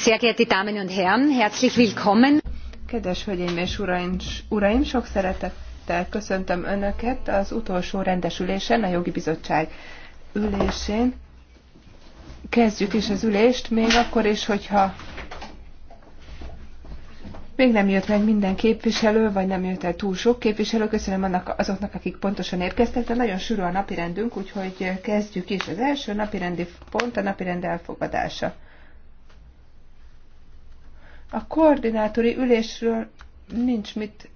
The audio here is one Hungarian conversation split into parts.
sehr geehrte Damen und Herren, herzlich willkommen. Kedves hölgyeim és uraim, sok szeretettel köszöntöm Önöket az utolsó rendes ülésen, a Jogi Bizottság ülésén. Kezdjük is az ülést, még akkor is, hogyha még nem jött meg minden képviselő, vagy nem jött el túl sok képviselő. Köszönöm annak, azoknak, akik pontosan érkeztek, de nagyon sűrű a napirendünk, úgyhogy kezdjük is. Az első napirendi pont a napirend elfogadása. A koordinátori ülésről nincs mit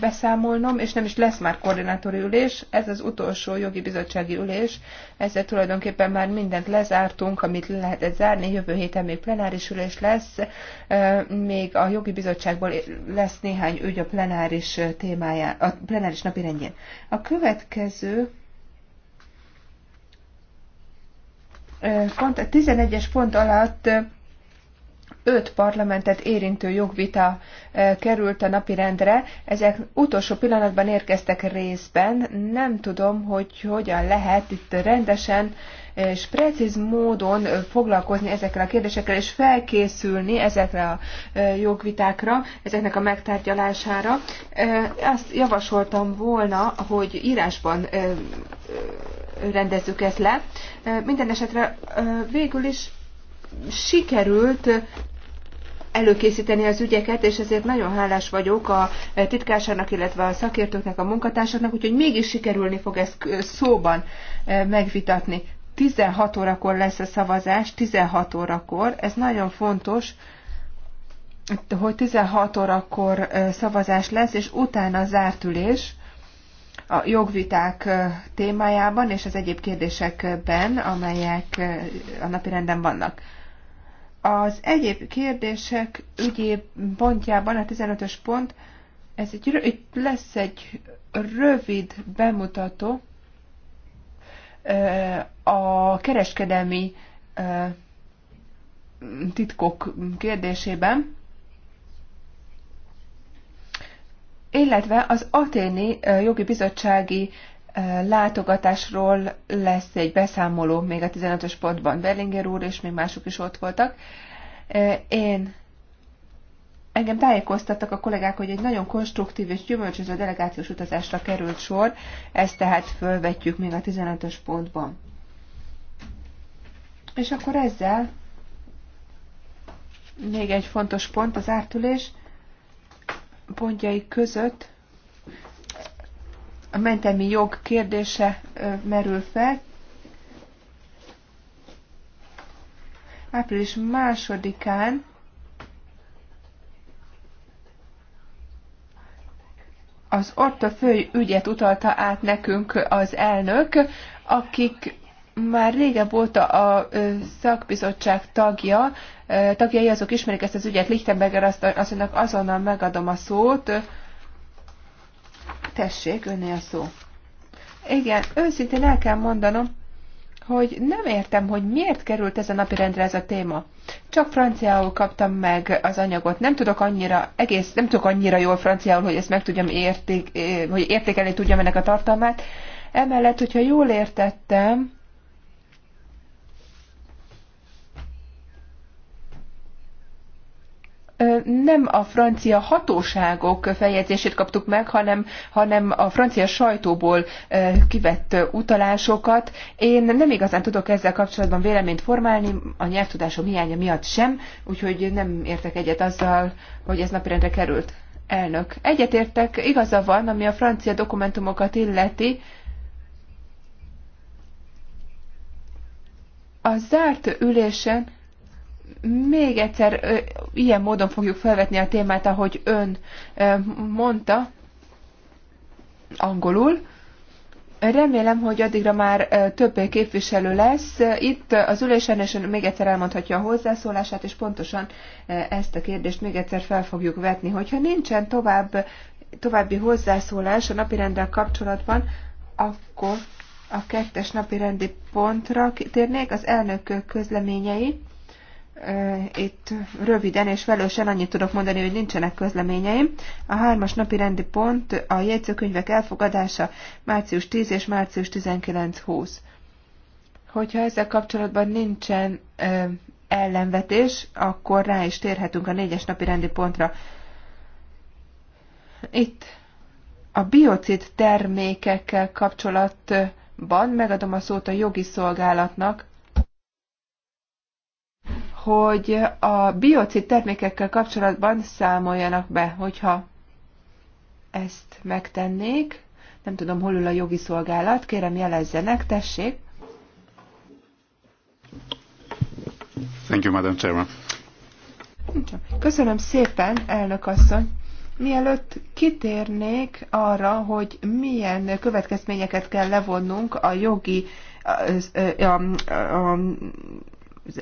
beszámolnom, és nem is lesz már koordinátori ülés, ez az utolsó jogi bizottsági ülés, ezzel tulajdonképpen már mindent lezártunk, amit lehetett zárni, jövő héten még plenáris ülés lesz, még a jogi bizottságból lesz néhány ügy a plenáris témáján, a plenáris napi rendjén. A következő pont, a 11-es pont alatt öt parlamentet érintő jogvita e, került a napirendre. Ezek utolsó pillanatban érkeztek részben. Nem tudom, hogy hogyan lehet itt rendesen és precíz módon foglalkozni ezekkel a kérdésekkel, és felkészülni ezekre a e, jogvitákra, ezeknek a megtárgyalására. E, azt javasoltam volna, hogy írásban rendezzük ezt le. Minden esetre végül is sikerült előkészíteni az ügyeket, és ezért nagyon hálás vagyok a titkársának, illetve a szakértőknek, a munkatársaknak, úgyhogy mégis sikerülni fog ezt szóban e, megvitatni. 16 órakor lesz a szavazás, 16 órakor, ez nagyon fontos, hogy 16 órakor e, szavazás lesz, és utána zárt ülés a jogviták e, témájában és az egyéb kérdésekben, amelyek a napirenden vannak. Az egyéb kérdések ügyé pontjában, a 15-ös pont, ez egy, itt lesz egy rövid bemutató a kereskedelmi titkok kérdésében, illetve az Aténi Jogi Bizottsági látogatásról lesz egy beszámoló még a 15-ös pontban. Berlinger úr és még mások is ott voltak. Én engem tájékoztattak a kollégák, hogy egy nagyon konstruktív és gyümölcsöző delegációs utazásra került sor, ezt tehát fölvetjük még a 15-ös pontban. És akkor ezzel még egy fontos pont az ártülés pontjai között a mentelmi jog kérdése merül fel. Április másodikán az a fő ügyet utalta át nekünk az elnök, akik már régebb óta a szakbizottság tagja, tagjai azok ismerik ezt az ügyet, Lichtenberger asszonynak azonnal megadom a szót, Tessék, önnél szó. Igen, őszintén el kell mondanom, hogy nem értem, hogy miért került ez a napirendre ez a téma. Csak franciául kaptam meg az anyagot. Nem tudok annyira, egész, nem tudok annyira jól franciául, hogy ezt meg tudjam érték, eh, hogy értékelni tudjam ennek a tartalmát. Emellett, hogyha jól értettem, nem a francia hatóságok feljegyzését kaptuk meg, hanem, hanem a francia sajtóból kivett utalásokat. Én nem igazán tudok ezzel kapcsolatban véleményt formálni, a nyelvtudásom hiánya miatt sem, úgyhogy nem értek egyet azzal, hogy ez napirendre került. Elnök. Egyetértek, igaza van, ami a francia dokumentumokat illeti, a zárt ülésen még egyszer ilyen módon fogjuk felvetni a témát, ahogy ön mondta, angolul. Remélem, hogy addigra már több képviselő lesz itt az ülésen, és még egyszer elmondhatja a hozzászólását, és pontosan ezt a kérdést még egyszer fel fogjuk vetni. Hogyha nincsen tovább, további hozzászólás a rendel kapcsolatban, akkor a kettes napirendi pontra térnék az elnök közleményei. Itt röviden és velősen annyit tudok mondani, hogy nincsenek közleményeim. A hármas napi rendi pont a jegyzőkönyvek elfogadása március 10 és március 19-20. Hogyha ezzel kapcsolatban nincsen ö, ellenvetés, akkor rá is térhetünk a négyes napi rendi pontra. Itt a biocid termékekkel kapcsolatban megadom a szót a jogi szolgálatnak, hogy a biocid termékekkel kapcsolatban számoljanak be, hogyha ezt megtennék. Nem tudom, hol ül a jogi szolgálat, kérem jelezzenek, tessék. Thank you, Madam Chairman. Köszönöm szépen, elnök asszony. Mielőtt kitérnék arra, hogy milyen következményeket kell levonnunk a jogi a, a, a, a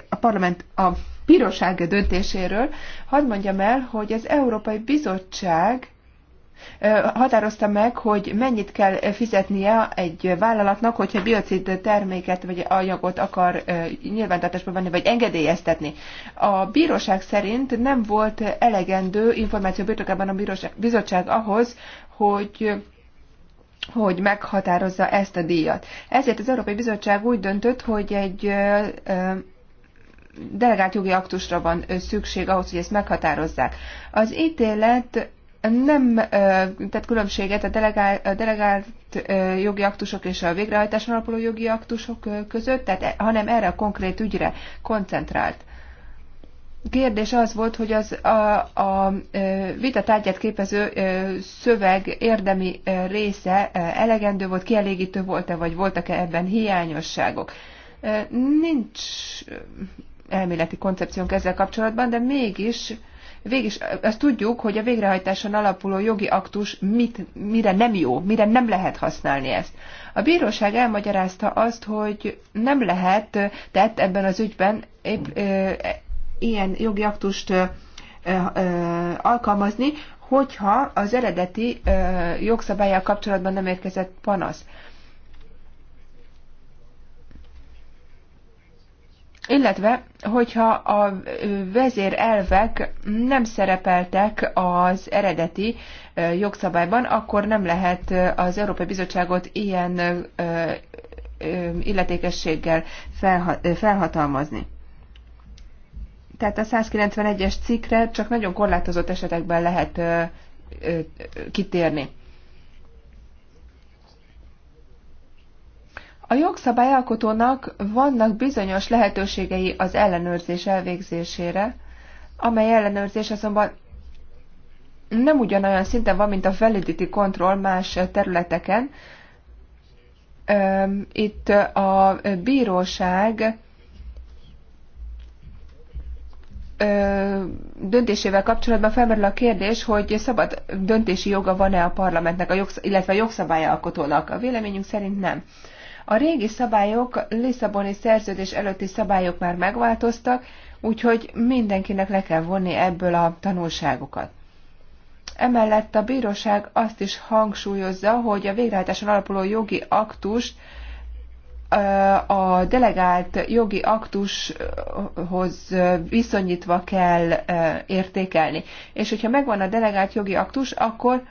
a parlament a bíróság döntéséről, hadd mondjam el, hogy az Európai Bizottság határozta meg, hogy mennyit kell fizetnie egy vállalatnak, hogyha biocid terméket vagy anyagot akar nyilvántartásba venni, vagy engedélyeztetni. A bíróság szerint nem volt elegendő információ birtokában a bíróság, bizottság ahhoz, hogy hogy meghatározza ezt a díjat. Ezért az Európai Bizottság úgy döntött, hogy egy delegált jogi aktusra van szükség ahhoz, hogy ezt meghatározzák. Az ítélet nem tett különbséget a, delegált, a delegált jogi aktusok és a végrehajtáson alapuló jogi aktusok között, tehát, e, hanem erre a konkrét ügyre koncentrált. Kérdés az volt, hogy az a, a vita tárgyát képező szöveg érdemi része elegendő volt, kielégítő volt-e, vagy voltak-e ebben hiányosságok. Nincs elméleti koncepciónk ezzel kapcsolatban, de mégis végig azt tudjuk, hogy a végrehajtáson alapuló jogi aktus mit, mire nem jó, mire nem lehet használni ezt. A bíróság elmagyarázta azt, hogy nem lehet, tehát ebben az ügyben épp, ö, e, ilyen jogi aktust ö, ö, alkalmazni, hogyha az eredeti ö, jogszabályjal kapcsolatban nem érkezett panasz. illetve hogyha a vezérelvek nem szerepeltek az eredeti jogszabályban, akkor nem lehet az Európai Bizottságot ilyen illetékességgel felhatalmazni. Tehát a 191-es cikkre csak nagyon korlátozott esetekben lehet kitérni. A jogszabályalkotónak vannak bizonyos lehetőségei az ellenőrzés elvégzésére, amely ellenőrzés azonban nem ugyanolyan szinten van, mint a validity control más területeken. Itt a bíróság döntésével kapcsolatban felmerül a kérdés, hogy szabad döntési joga van-e a parlamentnek, illetve a jogszabályalkotónak. A véleményünk szerint nem. A régi szabályok, Lisszaboni szerződés előtti szabályok már megváltoztak, úgyhogy mindenkinek le kell vonni ebből a tanulságokat. Emellett a bíróság azt is hangsúlyozza, hogy a végrehajtáson alapuló jogi aktus a delegált jogi aktushoz viszonyítva kell értékelni. És hogyha megvan a delegált jogi aktus, akkor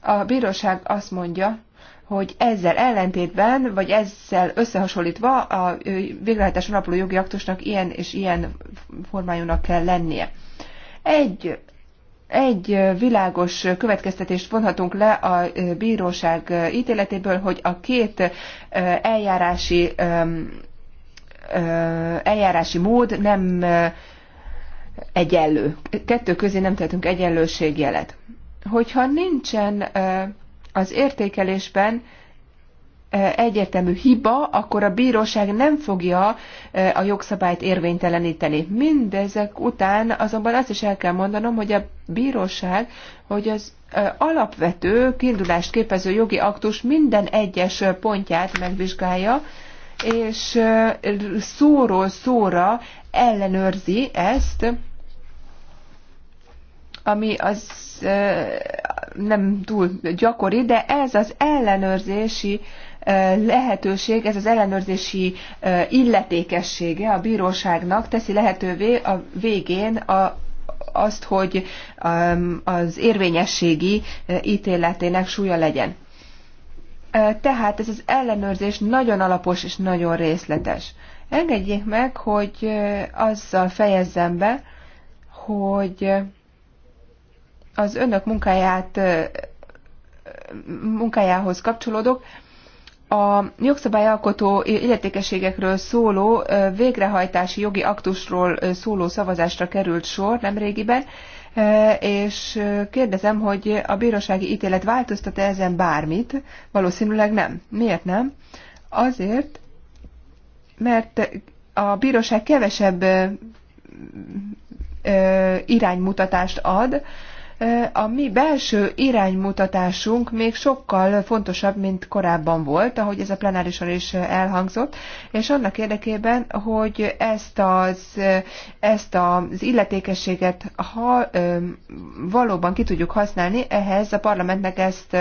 a bíróság azt mondja, hogy ezzel ellentétben, vagy ezzel összehasonlítva a végrehajtás alapuló jogi aktusnak ilyen és ilyen formájúnak kell lennie. Egy egy világos következtetést vonhatunk le a bíróság ítéletéből, hogy a két eljárási, eljárási mód nem egyenlő. Kettő közé nem tettünk egyenlőségjelet. Hogyha nincsen az értékelésben egyértelmű hiba, akkor a bíróság nem fogja a jogszabályt érvényteleníteni. Mindezek után azonban azt is el kell mondanom, hogy a bíróság, hogy az alapvető, kiindulást képező jogi aktus minden egyes pontját megvizsgálja, és szóról szóra ellenőrzi ezt, ami az nem túl gyakori, de ez az ellenőrzési lehetőség, ez az ellenőrzési illetékessége a bíróságnak teszi lehetővé a végén a azt, hogy az érvényességi ítéletének súlya legyen. Tehát ez az ellenőrzés nagyon alapos és nagyon részletes. Engedjék meg, hogy azzal fejezzem be, hogy az önök munkáját, munkájához kapcsolódok. A jogszabályalkotó illetékességekről szóló végrehajtási jogi aktusról szóló szavazásra került sor nemrégiben, és kérdezem, hogy a bírósági ítélet változtat-e ezen bármit? Valószínűleg nem. Miért nem? Azért, mert a bíróság kevesebb iránymutatást ad, a mi belső iránymutatásunk még sokkal fontosabb, mint korábban volt, ahogy ez a plenárison is elhangzott, és annak érdekében, hogy ezt az, ezt az illetékességet ha, valóban ki tudjuk használni, ehhez a parlamentnek ezt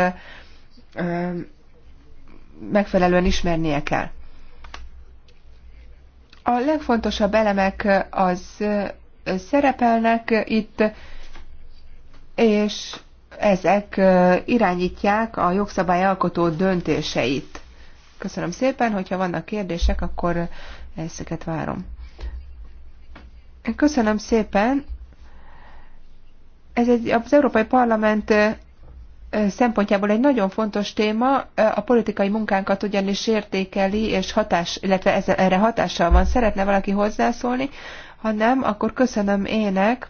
megfelelően ismernie kell. A legfontosabb elemek az szerepelnek itt, és ezek irányítják a jogszabályalkotó döntéseit. Köszönöm szépen, hogyha vannak kérdések, akkor ezeket várom. Köszönöm szépen. Ez egy, az Európai Parlament szempontjából egy nagyon fontos téma, a politikai munkánkat ugyanis értékeli, és hatás, illetve ez, erre hatással van. Szeretne valaki hozzászólni? Ha nem, akkor köszönöm ének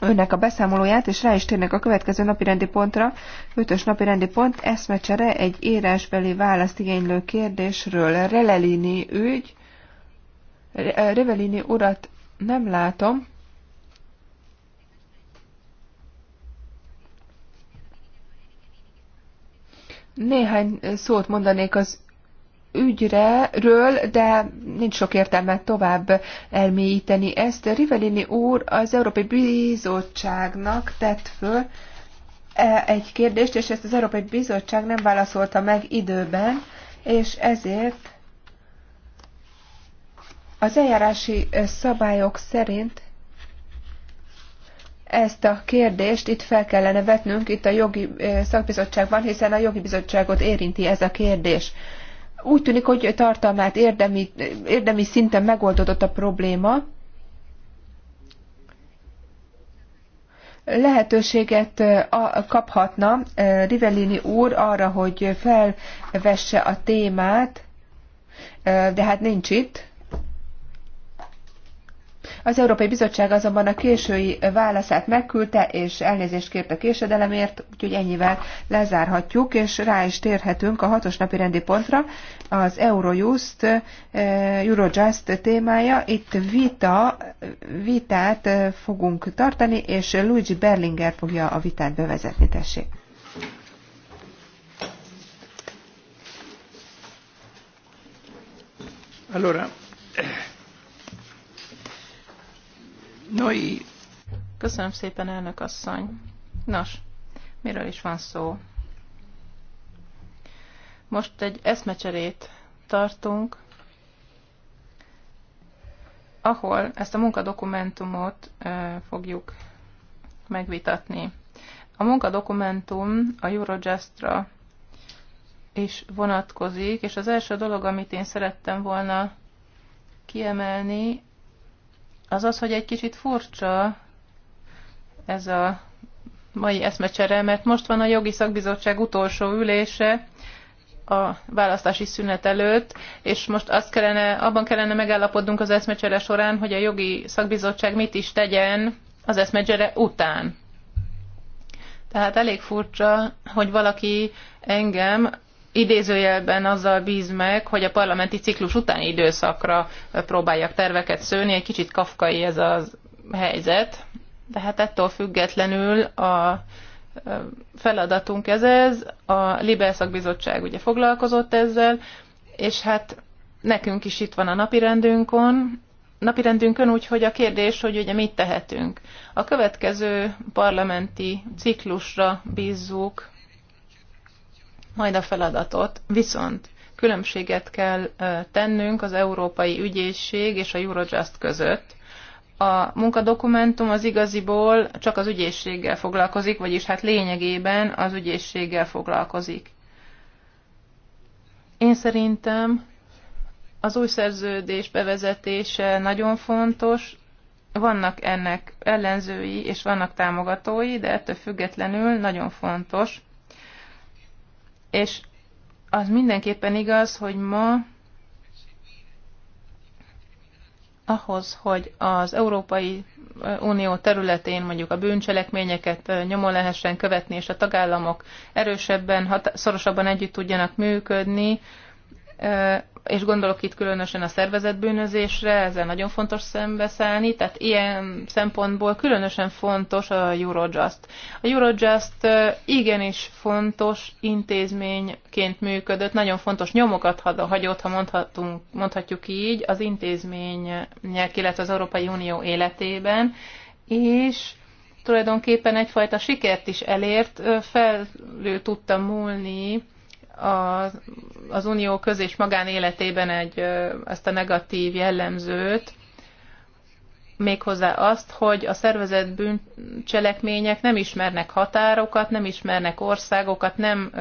önnek a beszámolóját, és rá is térnek a következő napi rendi pontra. Ötös napi rendi pont, eszmecsere egy írásbeli választ igénylő kérdésről. Relelini ügy, eh, Revelini urat nem látom. Néhány szót mondanék az ügyről, de nincs sok értelme tovább elmélyíteni ezt. Rivelini úr az Európai Bizottságnak tett föl e, egy kérdést, és ezt az Európai Bizottság nem válaszolta meg időben, és ezért az eljárási szabályok szerint ezt a kérdést itt fel kellene vetnünk itt a jogi e, szakbizottságban, hiszen a jogi bizottságot érinti ez a kérdés. Úgy tűnik, hogy tartalmát érdemi, érdemi szinten megoldódott a probléma. lehetőséget kaphatna e, Rivellini úr arra, hogy felvesse a témát, e, de hát nincs itt. Az Európai Bizottság azonban a késői válaszát megküldte, és elnézést kért a késedelemért, úgyhogy ennyivel lezárhatjuk, és rá is térhetünk a hatos napi rendi pontra, az Eurojust, eh, Eurojust témája. Itt vita, vitát eh, fogunk tartani, és Luigi Berlinger fogja a vitát bevezetni, tessék. Allora, Noi. Köszönöm szépen, elnök asszony. Nos, miről is van szó? Most egy eszmecserét tartunk, ahol ezt a munkadokumentumot fogjuk megvitatni. A munkadokumentum a Eurojustra is vonatkozik, és az első dolog, amit én szerettem volna kiemelni, az az, hogy egy kicsit furcsa ez a mai eszmecsere, mert most van a jogi szakbizottság utolsó ülése, a választási szünet előtt, és most azt kellene, abban kellene megállapodnunk az eszmecsere során, hogy a jogi szakbizottság mit is tegyen az eszmecsere után. Tehát elég furcsa, hogy valaki engem, idézőjelben azzal bíz meg, hogy a parlamenti ciklus utáni időszakra próbálják terveket szőni. Egy kicsit kafkai ez a helyzet, de hát ettől függetlenül a feladatunk ez ez, a Libel szakbizottság ugye foglalkozott ezzel, és hát nekünk is itt van a napirendünkön, napirendünkön, hogy a kérdés, hogy ugye mit tehetünk. A következő parlamenti ciklusra bízzuk majd a feladatot. Viszont különbséget kell tennünk az Európai Ügyészség és a Eurojust között. A munkadokumentum az igaziból csak az ügyészséggel foglalkozik, vagyis hát lényegében az ügyészséggel foglalkozik. Én szerintem az új szerződés bevezetése nagyon fontos. Vannak ennek ellenzői és vannak támogatói, de ettől függetlenül nagyon fontos, és az mindenképpen igaz, hogy ma ahhoz, hogy az Európai Unió területén mondjuk a bűncselekményeket nyomon lehessen követni, és a tagállamok erősebben, szorosabban együtt tudjanak működni, és gondolok itt különösen a szervezetbűnözésre, ezzel nagyon fontos szembeszállni, tehát ilyen szempontból különösen fontos a Eurojust. A Eurojust igenis fontos intézményként működött, nagyon fontos nyomokat hagyott, ha mondhatunk, mondhatjuk így, az intézmények, illetve az Európai Unió életében, és tulajdonképpen egyfajta sikert is elért, felül tudta múlni a, az unió köz- és magánéletében egy, ezt a negatív jellemzőt, méghozzá azt, hogy a szervezett bűncselekmények nem ismernek határokat, nem ismernek országokat, nem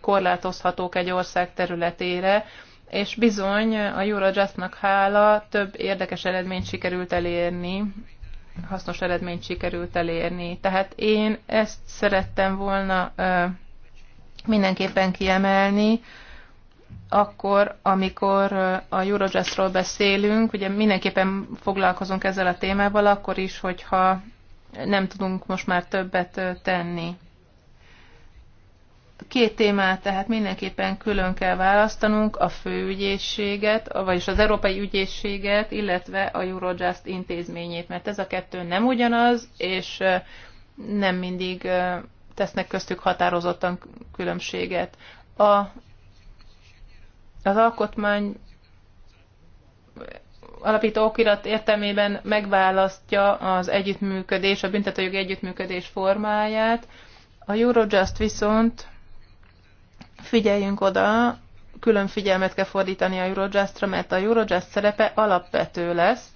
korlátozhatók egy ország területére, és bizony a Eurojustnak hála több érdekes eredményt sikerült elérni, hasznos eredményt sikerült elérni. Tehát én ezt szerettem volna mindenképpen kiemelni, akkor, amikor a Eurojustról beszélünk, ugye mindenképpen foglalkozunk ezzel a témával, akkor is, hogyha nem tudunk most már többet tenni. Két témát tehát mindenképpen külön kell választanunk, a főügyészséget, vagyis az Európai Ügyészséget, illetve a Eurojust intézményét, mert ez a kettő nem ugyanaz, és nem mindig tesznek köztük határozottan különbséget. A, az alkotmány alapító okirat értelmében megválasztja az együttműködés, a büntetőjogi együttműködés formáját. A Eurojust viszont figyeljünk oda, külön figyelmet kell fordítani a Eurojustra, mert a Eurojust szerepe alapvető lesz,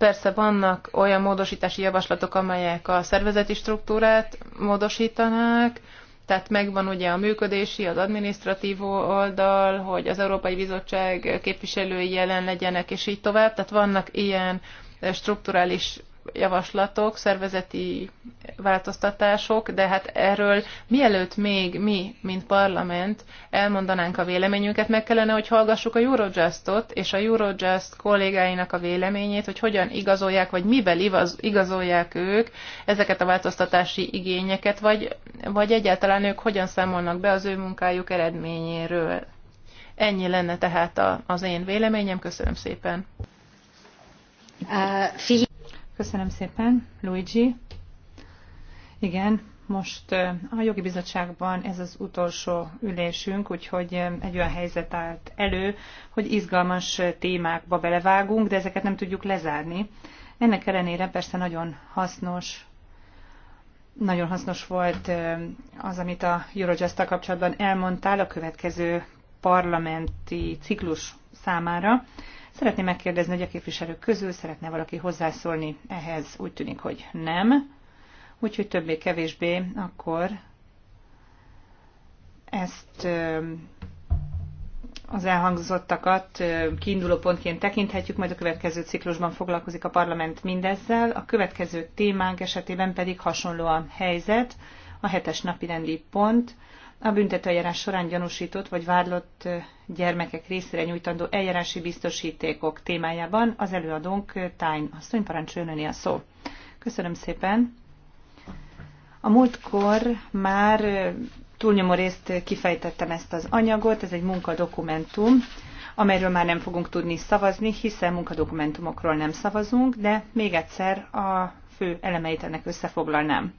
Persze vannak olyan módosítási javaslatok, amelyek a szervezeti struktúrát módosítanák, tehát megvan ugye a működési, az adminisztratív oldal, hogy az Európai Bizottság képviselői jelen legyenek, és így tovább. Tehát vannak ilyen eh, strukturális javaslatok, szervezeti változtatások, de hát erről mielőtt még mi, mint parlament elmondanánk a véleményünket, meg kellene, hogy hallgassuk a Eurojustot és a Eurojust kollégáinak a véleményét, hogy hogyan igazolják, vagy mivel igazolják ők ezeket a változtatási igényeket, vagy, vagy egyáltalán ők hogyan számolnak be az ő munkájuk eredményéről. Ennyi lenne tehát a, az én véleményem. Köszönöm szépen. Uh, Köszönöm szépen, Luigi. Igen, most eh, a jogi bizottságban ez az utolsó ülésünk, úgyhogy eh, egy olyan helyzet állt elő, hogy izgalmas eh, témákba belevágunk, de ezeket nem tudjuk lezárni. Ennek ellenére persze nagyon hasznos nagyon hasznos volt az, amit a eurojust kapcsolatban elmondtál a következő parlamenti ciklus számára, Szeretném megkérdezni, hogy a képviselők közül szeretne valaki hozzászólni ehhez. Úgy tűnik, hogy nem. Úgyhogy többé-kevésbé akkor ezt az elhangzottakat kiinduló pontként tekinthetjük, majd a következő ciklusban foglalkozik a parlament mindezzel. A következő témánk esetében pedig hasonló a helyzet, a hetes napi rendi pont, a büntetőeljárás során gyanúsított vagy vádlott gyermekek részére nyújtandó eljárási biztosítékok témájában az előadónk Tájn asszony parancsoljon a szó. Köszönöm szépen. A múltkor már túlnyomó részt kifejtettem ezt az anyagot, ez egy munkadokumentum, amelyről már nem fogunk tudni szavazni, hiszen munkadokumentumokról nem szavazunk, de még egyszer a fő elemeit ennek összefoglalnám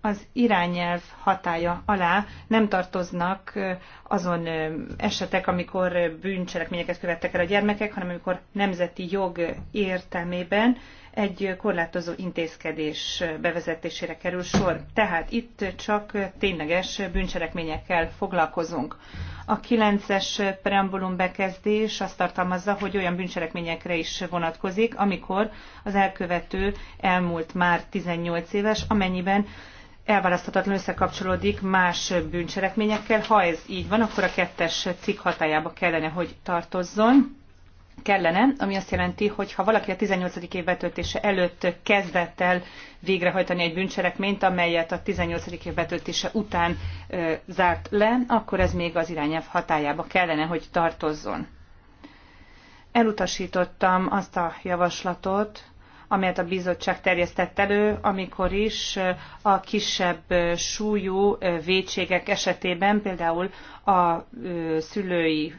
az irányelv hatája alá nem tartoznak azon esetek, amikor bűncselekményeket követtek el a gyermekek, hanem amikor nemzeti jog értelmében egy korlátozó intézkedés bevezetésére kerül sor. Tehát itt csak tényleges bűncselekményekkel foglalkozunk. A 9-es preambulum bekezdés azt tartalmazza, hogy olyan bűncselekményekre is vonatkozik, amikor az elkövető elmúlt már 18 éves, amennyiben elválaszthatatlan összekapcsolódik más bűncselekményekkel. Ha ez így van, akkor a kettes cikk hatájába kellene, hogy tartozzon kellene, ami azt jelenti, hogy ha valaki a 18. év betöltése előtt kezdett el végrehajtani egy bűncselekményt, amelyet a 18. év betöltése után ö, zárt le, akkor ez még az irányelv hatájába kellene, hogy tartozzon. Elutasítottam azt a javaslatot, amelyet a bizottság terjesztett elő, amikor is a kisebb súlyú vétségek esetében például a szülői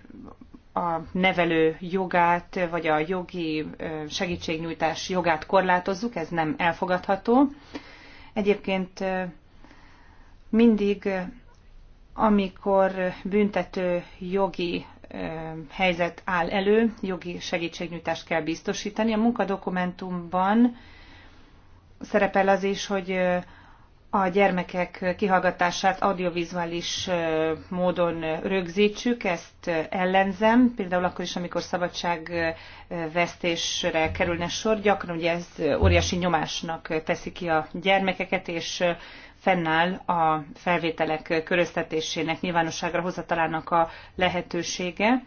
a nevelő jogát, vagy a jogi segítségnyújtás jogát korlátozzuk, ez nem elfogadható. Egyébként mindig, amikor büntető jogi helyzet áll elő, jogi segítségnyújtást kell biztosítani. A munkadokumentumban szerepel az is, hogy a gyermekek kihallgatását audiovizuális módon rögzítsük, ezt ellenzem, például akkor is, amikor szabadságvesztésre kerülne sor, gyakran ugye ez óriási nyomásnak teszi ki a gyermekeket, és fennáll a felvételek köröztetésének, nyilvánosságra hozatalának a lehetősége.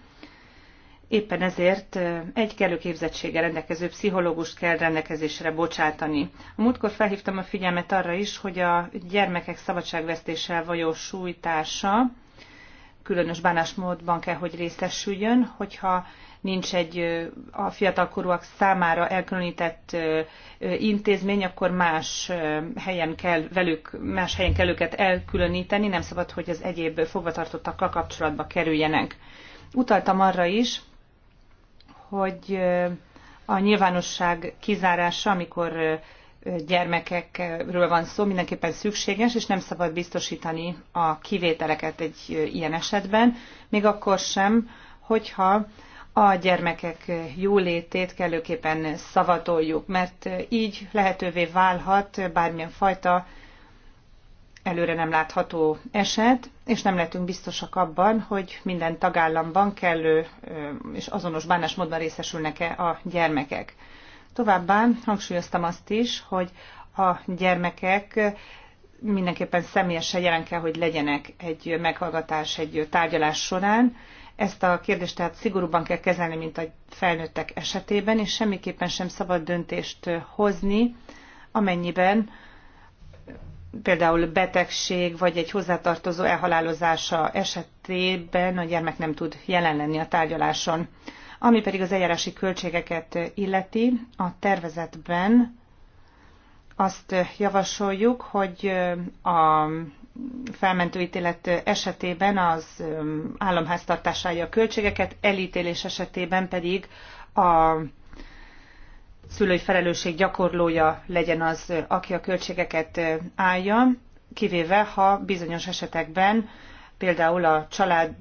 Éppen ezért egy kellő képzettséggel rendelkező pszichológust kell rendelkezésre bocsátani. A múltkor felhívtam a figyelmet arra is, hogy a gyermekek szabadságvesztéssel vajó sújtása különös bánásmódban kell, hogy részesüljön, hogyha nincs egy a fiatalkorúak számára elkülönített intézmény, akkor más helyen kell velük, más helyen kell őket elkülöníteni, nem szabad, hogy az egyéb fogvatartottakkal kapcsolatba kerüljenek. Utaltam arra is, hogy a nyilvánosság kizárása, amikor gyermekekről van szó, mindenképpen szükséges, és nem szabad biztosítani a kivételeket egy ilyen esetben, még akkor sem, hogyha a gyermekek jólétét kellőképpen szavatoljuk, mert így lehetővé válhat bármilyen fajta előre nem látható eset, és nem lehetünk biztosak abban, hogy minden tagállamban kellő és azonos bánásmódban részesülnek-e a gyermekek. Továbbá hangsúlyoztam azt is, hogy a gyermekek mindenképpen személyesen jelen kell, hogy legyenek egy meghallgatás, egy tárgyalás során, ezt a kérdést tehát szigorúban kell kezelni, mint a felnőttek esetében, és semmiképpen sem szabad döntést hozni, amennyiben például betegség vagy egy hozzátartozó elhalálozása esetében a gyermek nem tud jelen lenni a tárgyaláson. Ami pedig az eljárási költségeket illeti, a tervezetben azt javasoljuk, hogy a felmentőítélet esetében az államháztartásálja a költségeket, elítélés esetében pedig a szülői felelősség gyakorlója legyen az, aki a költségeket állja, kivéve ha bizonyos esetekben például a család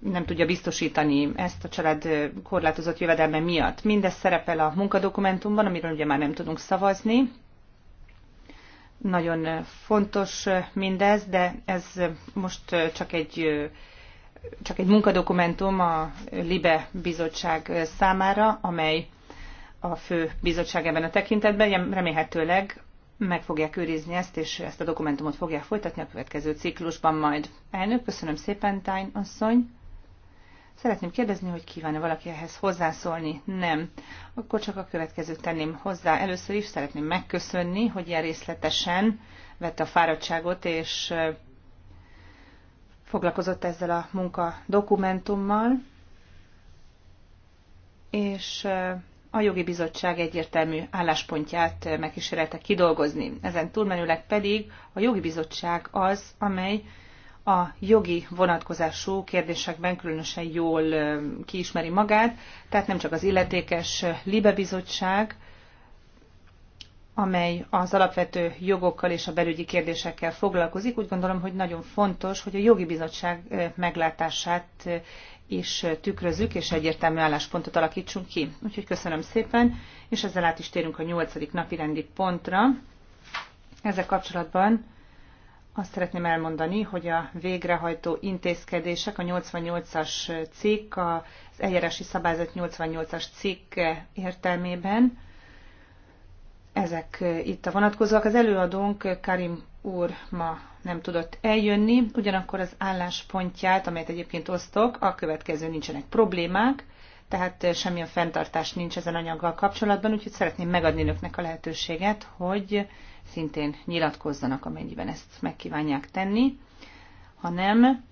nem tudja biztosítani ezt a család korlátozott jövedelme miatt. Mindez szerepel a munkadokumentumban, amiről ugye már nem tudunk szavazni, nagyon fontos mindez, de ez most csak egy csak egy munkadokumentum a LIBE bizottság számára, amely a fő bizottság ebben a tekintetben. Remélhetőleg meg fogják őrizni ezt, és ezt a dokumentumot fogják folytatni a következő ciklusban majd. Elnök, köszönöm szépen, Tájn asszony. Szeretném kérdezni, hogy kíván-e valaki ehhez hozzászólni? Nem. Akkor csak a következőt tenném hozzá. Először is szeretném megköszönni, hogy ilyen részletesen vette a fáradtságot, és foglalkozott ezzel a munka dokumentummal, és a jogi bizottság egyértelmű álláspontját megkísérelte kidolgozni. Ezen túlmenőleg pedig a jogi bizottság az, amely a jogi vonatkozású kérdésekben különösen jól kiismeri magát, tehát nem csak az illetékes Libe Bizottság, amely az alapvető jogokkal és a belügyi kérdésekkel foglalkozik. Úgy gondolom, hogy nagyon fontos, hogy a jogi bizottság meglátását is tükrözzük, és egyértelmű álláspontot alakítsunk ki. Úgyhogy köszönöm szépen, és ezzel át is térünk a nyolcadik napi rendi pontra. Ezzel kapcsolatban azt szeretném elmondani, hogy a végrehajtó intézkedések, a 88-as cikk, az eljárási szabályzat 88-as cikk értelmében, ezek itt a vonatkozóak. Az előadónk Karim úr ma nem tudott eljönni, ugyanakkor az álláspontját, amelyet egyébként osztok, a következő nincsenek problémák, tehát semmilyen fenntartás nincs ezen anyaggal kapcsolatban, úgyhogy szeretném megadni önöknek a lehetőséget, hogy szintén nyilatkozzanak, amennyiben ezt megkívánják tenni. Ha nem,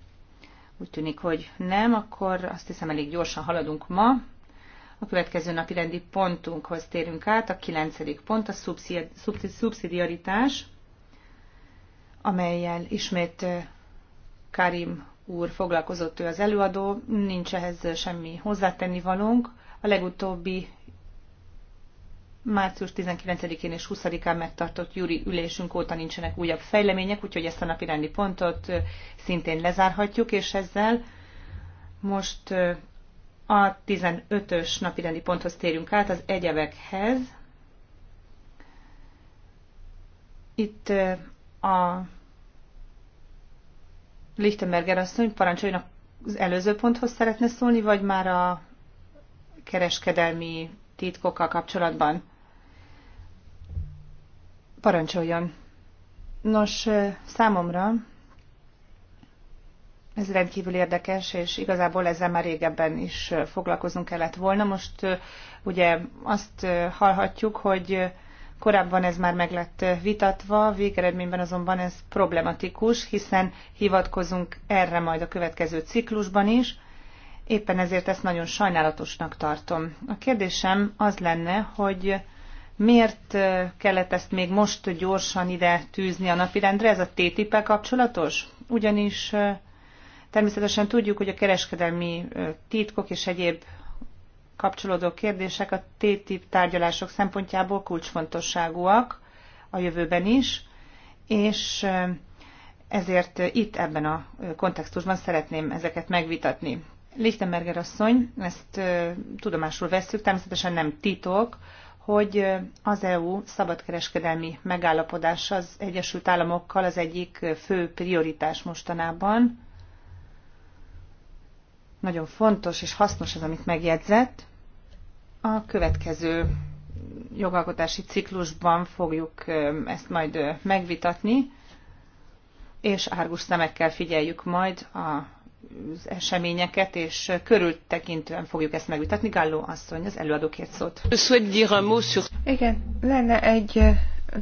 úgy tűnik, hogy nem, akkor azt hiszem elég gyorsan haladunk ma. A következő napi rendi pontunkhoz térünk át, a kilencedik pont, a szubszidiaritás, amelyel ismét Karim úr foglalkozott, ő az előadó, nincs ehhez semmi hozzátenni valónk. A legutóbbi március 19-én és 20-án megtartott júri ülésünk óta nincsenek újabb fejlemények, úgyhogy ezt a napi rendi pontot szintén lezárhatjuk, és ezzel most a 15-ös napirendi ponthoz térünk át, az egyebekhez. Itt a Lichtenberger asszony parancsoljon az előző ponthoz szeretne szólni, vagy már a kereskedelmi titkokkal kapcsolatban? Parancsoljon. Nos, számomra ez rendkívül érdekes, és igazából ezzel már régebben is foglalkozunk kellett volna. Most ugye azt hallhatjuk, hogy korábban ez már meg lett vitatva, végeredményben azonban ez problematikus, hiszen hivatkozunk erre majd a következő ciklusban is, éppen ezért ezt nagyon sajnálatosnak tartom. A kérdésem az lenne, hogy Miért kellett ezt még most gyorsan ide tűzni a napirendre? Ez a ttip kapcsolatos? Ugyanis természetesen tudjuk, hogy a kereskedelmi titkok és egyéb kapcsolódó kérdések a TTIP tárgyalások szempontjából kulcsfontosságúak a jövőben is, és ezért itt ebben a kontextusban szeretném ezeket megvitatni. Lichtenberger asszony, ezt tudomásul vesszük, természetesen nem titok, hogy az EU szabadkereskedelmi megállapodás az Egyesült Államokkal az egyik fő prioritás mostanában. Nagyon fontos és hasznos az, amit megjegyzett. A következő jogalkotási ciklusban fogjuk ezt majd megvitatni, és árgus szemekkel figyeljük majd a eseményeket, és körültekintően fogjuk ezt megvitatni. Galló asszony, az előadókért két szót. Igen, lenne egy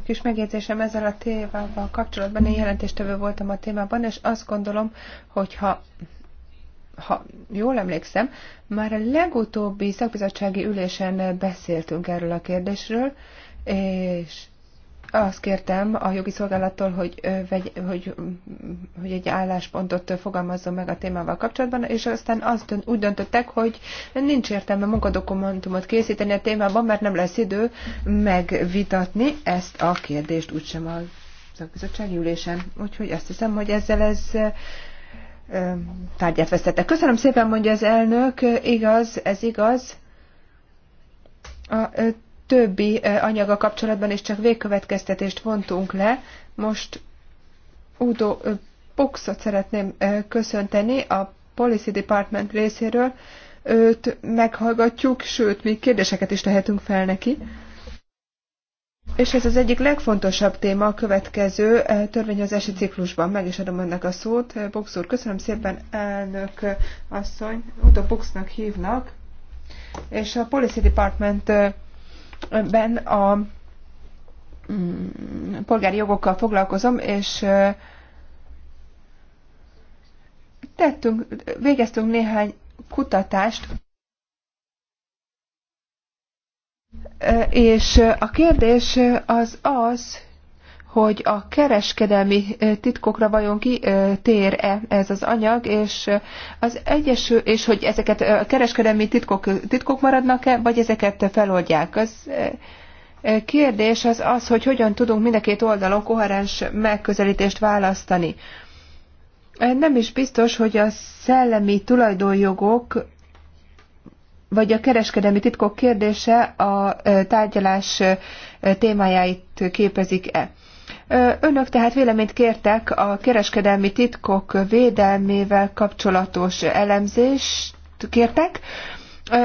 kis megjegyzésem ezzel a tévával kapcsolatban. Én jelentéstevő voltam a témában, és azt gondolom, hogy ha ha jól emlékszem, már a legutóbbi szakbizottsági ülésen beszéltünk erről a kérdésről, és azt kértem a jogi szolgálattól, hogy, hogy, hogy, mm, hogy egy álláspontot fogalmazzon meg a témával kapcsolatban, és aztán azt úgy döntöttek, hogy nincs értelme munkadokumentumot készíteni a témában, mert nem lesz idő megvitatni ezt a kérdést úgysem a szakbizottsági ülésen. Úgyhogy azt hiszem, hogy ezzel ez tárgyát vesztettek. Köszönöm szépen, mondja az elnök. Igaz, ez igaz. A többi eh, anyaga kapcsolatban is csak végkövetkeztetést vontunk le. Most Udo Boxot eh, szeretném eh, köszönteni a Policy Department részéről. Őt meghallgatjuk, sőt, még kérdéseket is tehetünk fel neki. És ez az egyik legfontosabb téma a következő törvényhozási ciklusban. Meg is adom önnek a szót. Box úr, köszönöm szépen, elnök asszony. Udo Boxnak hívnak. És a Policy Department ben a mm, polgári jogokkal foglalkozom, és tettünk, végeztünk néhány kutatást, és a kérdés az az, hogy a kereskedelmi titkokra vajon ki tér-e ez az anyag, és az egyes és hogy ezeket a kereskedelmi titkok, titkok maradnak-e, vagy ezeket feloldják. Az kérdés az az, hogy hogyan tudunk mind a két oldalon koherens megközelítést választani. Nem is biztos, hogy a szellemi tulajdonjogok vagy a kereskedelmi titkok kérdése a tárgyalás témájáit képezik-e. Önök tehát véleményt kértek a kereskedelmi titkok védelmével kapcsolatos elemzést kértek.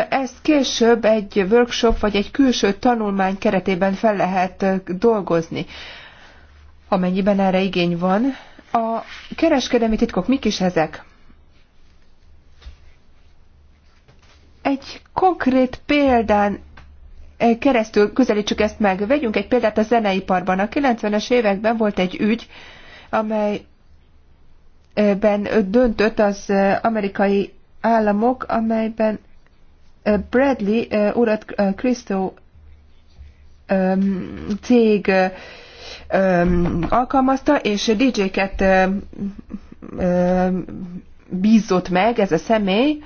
Ezt később egy workshop vagy egy külső tanulmány keretében fel lehet dolgozni, amennyiben erre igény van. A kereskedelmi titkok mik is ezek? Egy konkrét példán Eh, keresztül közelítsük ezt meg. Vegyünk egy példát a zeneiparban. A 90-es években volt egy ügy, amelyben eh, döntött az eh, amerikai államok, amelyben Bradley urat Christo cég alkalmazta, és DJ-ket bízott meg ez a személy,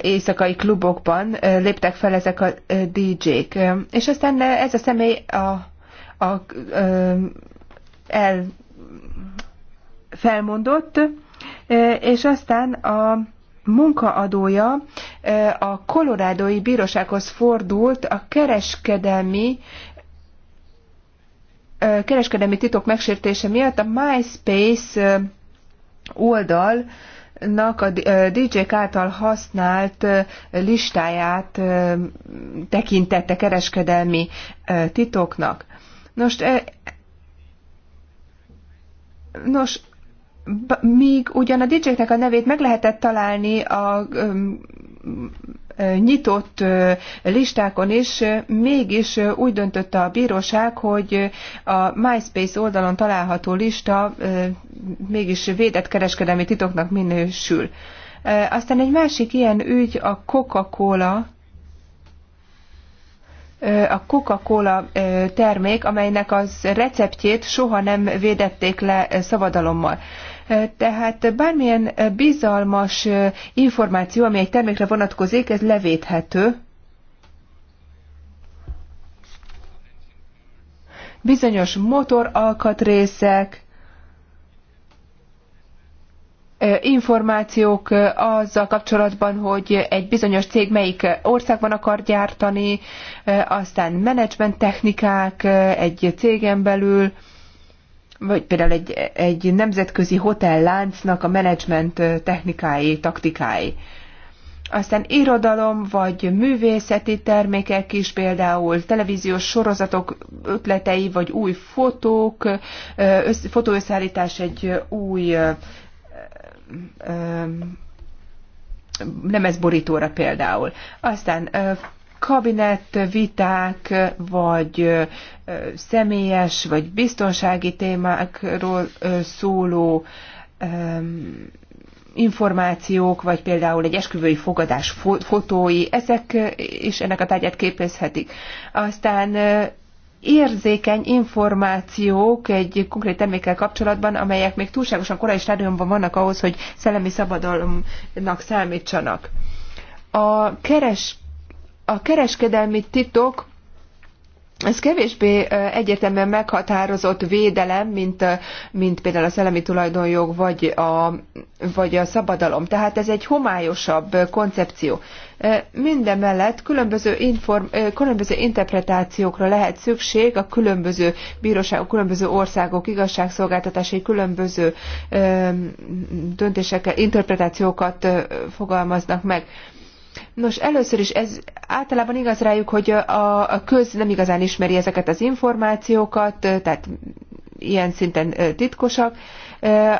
éjszakai klubokban léptek fel ezek a DJ-k. És aztán ez a személy a, a, el felmondott, és aztán a munkaadója a kolorádói bírósághoz fordult a kereskedelmi kereskedelmi titok megsértése miatt a MySpace oldal nak a DJ-k által használt listáját tekintette kereskedelmi titoknak. Nos, nos míg ugyan a DJ-knek a nevét meg lehetett találni a nyitott listákon is, mégis úgy döntött a bíróság, hogy a MySpace oldalon található lista mégis védett kereskedelmi titoknak minősül. Aztán egy másik ilyen ügy a Coca-Cola, a Coca-Cola termék, amelynek az receptjét soha nem védették le szabadalommal. Tehát bármilyen bizalmas információ, ami egy termékre vonatkozik, ez levédhető. Bizonyos motoralkatrészek, információk azzal kapcsolatban, hogy egy bizonyos cég melyik országban akar gyártani, aztán menedzsment technikák egy cégen belül, vagy például egy, egy nemzetközi hotelláncnak a menedzsment technikái, taktikái. Aztán irodalom vagy művészeti termékek is, például televíziós sorozatok ötletei, vagy új fotók, össz, fotóösszállítás egy új lemezborítóra például. Aztán kabinett viták, vagy személyes, vagy biztonsági témákról szóló információk, vagy például egy esküvői fogadás fotói, ezek is ennek a tárgyát képezhetik. Aztán érzékeny információk egy konkrét termékkel kapcsolatban, amelyek még túlságosan korai stádiumban vannak ahhoz, hogy szellemi szabadalomnak számítsanak. A keres a kereskedelmi titok ez kevésbé egyértelműen meghatározott védelem, mint, mint például a szellemi tulajdonjog vagy a, vagy a szabadalom. Tehát ez egy homályosabb koncepció. Minden mellett különböző, inform, különböző interpretációkra lehet szükség a különböző bíróságok, különböző országok igazságszolgáltatási különböző döntésekkel, interpretációkat fogalmaznak meg. Nos, először is ez általában igaz rájuk, hogy a, a köz nem igazán ismeri ezeket az információkat, tehát ilyen szinten titkosak,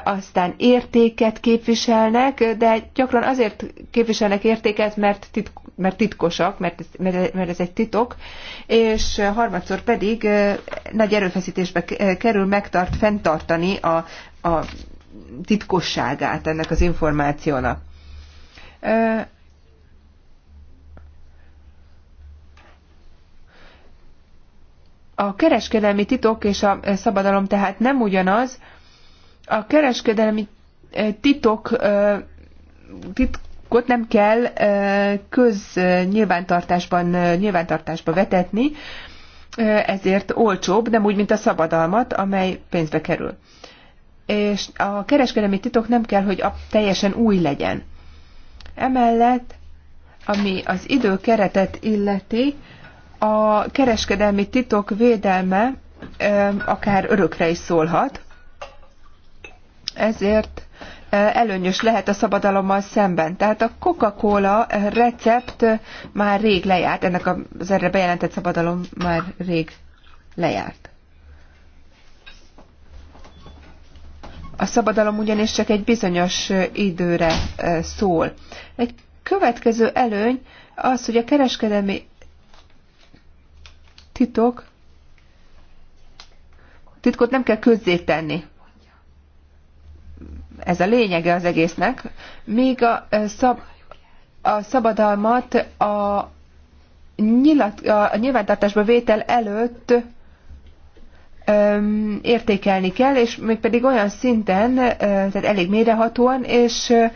aztán értéket képviselnek, de gyakran azért képviselnek értéket, mert, titk, mert titkosak, mert, ez, mert ez egy titok, és harmadszor pedig nagy erőfeszítésbe kerül megtart, fenntartani a, a titkosságát ennek az információnak. A kereskedelmi titok és a szabadalom tehát nem ugyanaz. A kereskedelmi eh, titok eh, titkot nem kell eh, köznyilvántartásban nyilvántartásba vetetni, ezért olcsóbb, nem úgy, mint a szabadalmat, amely pénzbe kerül. És a kereskedelmi titok nem kell, hogy a teljesen új legyen. Emellett, ami az időkeretet illeti, a kereskedelmi titok védelme akár örökre is szólhat, ezért előnyös lehet a szabadalommal szemben. Tehát a Coca-Cola recept már rég lejárt, ennek az erre bejelentett szabadalom már rég lejárt. A szabadalom ugyanis csak egy bizonyos időre szól. Egy következő előny az, hogy a kereskedelmi titok, titkot nem kell közzétenni. Ez a lényege az egésznek. Még a, eh, szab, a szabadalmat a, nyilat, a nyilvántartásba vétel előtt öm, értékelni kell, és mégpedig olyan szinten, öm, eh, tehát elég mérehatóan, és öm, eh,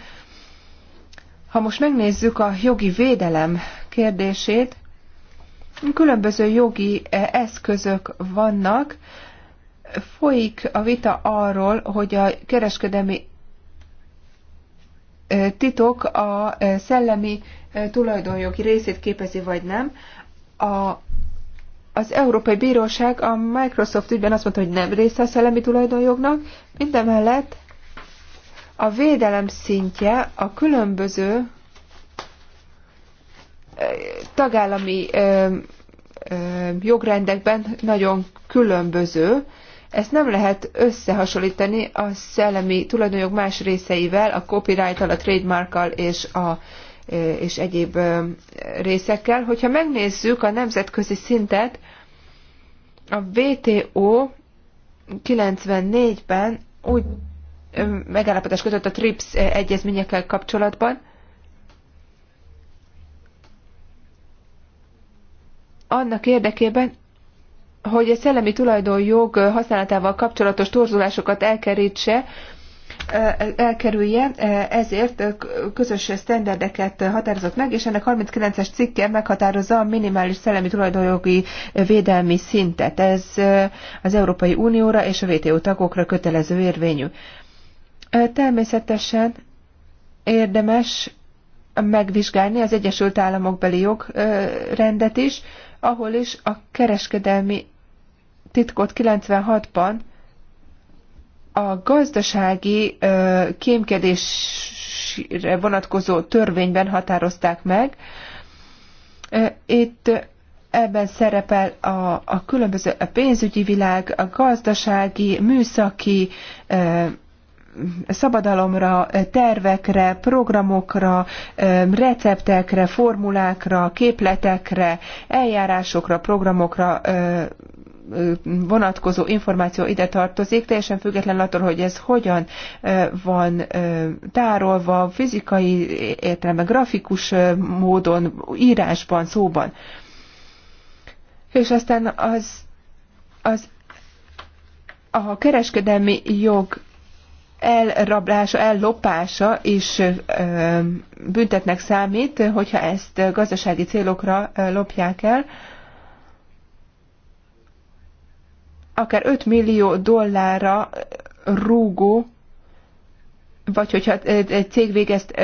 ha most megnézzük a jogi védelem kérdését, Különböző jogi e, eszközök vannak. Folyik a vita arról, hogy a kereskedelmi e, titok a e, szellemi tulajdonjogi részét képezi, vagy nem. A, az Európai Bíróság a Microsoft ügyben azt mondta, hogy nem része a szellemi tulajdonjognak, mindemellett a védelem szintje a különböző tagállami jogrendekben nagyon különböző. Ezt nem lehet összehasonlítani a szellemi tulajdonjog más részeivel, a copyright a trademarkkal és a és egyéb részekkel. Hogyha megnézzük a nemzetközi szintet, a WTO 94-ben úgy megállapodás kötött a TRIPS egyezményekkel kapcsolatban, annak érdekében, hogy a szellemi tulajdonjog használatával kapcsolatos torzulásokat elkerítse, eh, elkerüljen, eh, ezért eh, közös sztenderdeket határozott meg, és ennek 39-es cikke meghatározza a minimális szellemi tulajdonjogi védelmi szintet. Ez az Európai Unióra és a WTO tagokra kötelező érvényű. Természetesen érdemes megvizsgálni az Egyesült Államok beli jogrendet is, ahol is a kereskedelmi titkot 96-ban a gazdasági kémkedésre vonatkozó törvényben határozták meg. Itt ebben szerepel a, a különböző a pénzügyi világ, a gazdasági, műszaki, szabadalomra, tervekre, programokra, receptekre, formulákra, képletekre, eljárásokra, programokra vonatkozó információ ide tartozik, teljesen független attól, hogy ez hogyan van tárolva fizikai értelemben, grafikus módon, írásban, szóban. És aztán az, az a kereskedelmi jog elrablása, ellopása is büntetnek számít, hogyha ezt gazdasági célokra lopják el. Akár 5 millió dollárra rúgó, vagy hogyha egy cég végezt,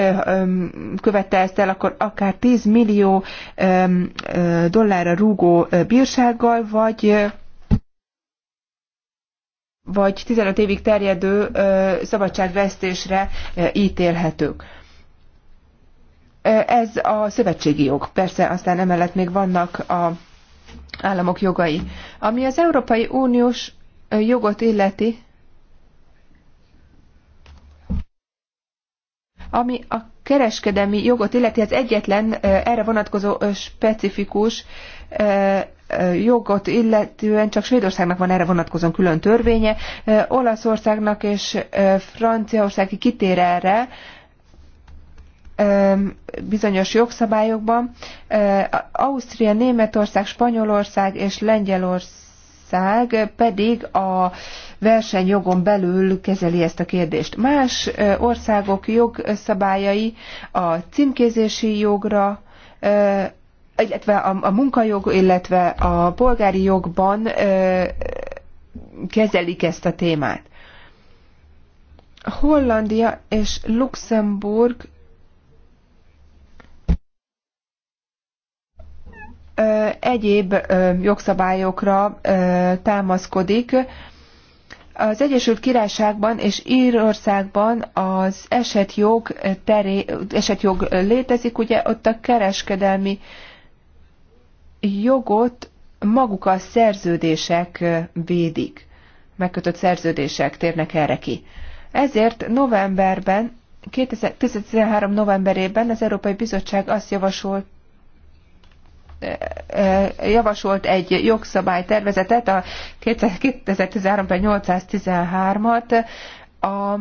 követte ezt el, akkor akár 10 millió dollárra rúgó bírsággal, vagy vagy 15 évig terjedő szabadságvesztésre ítélhetők. Ez a szövetségi jog. Persze aztán emellett még vannak a államok jogai. Ami az Európai Uniós jogot illeti, ami a kereskedelmi jogot illeti, az egyetlen erre vonatkozó specifikus jogot illetően csak Svédországnak van erre vonatkozóan külön törvénye, Olaszországnak és Franciaország kitér erre, bizonyos jogszabályokban. Ausztria, Németország, Spanyolország és Lengyelország pedig a versenyjogon belül kezeli ezt a kérdést. Más országok jogszabályai a címkézési jogra illetve a, a munkajog, illetve a polgári jogban ö, kezelik ezt a témát. Hollandia és Luxemburg ö, egyéb ö, jogszabályokra ö, támaszkodik. Az Egyesült Királyságban és Írországban az esetjog, teré, esetjog létezik, ugye ott a kereskedelmi ö, jogot maguk a szerződések védik, megkötött szerződések térnek erre ki. Ezért novemberben, 2013 novemberében az Európai Bizottság azt javasolt, javasolt egy jogszabálytervezetet, a 2013-813-at, a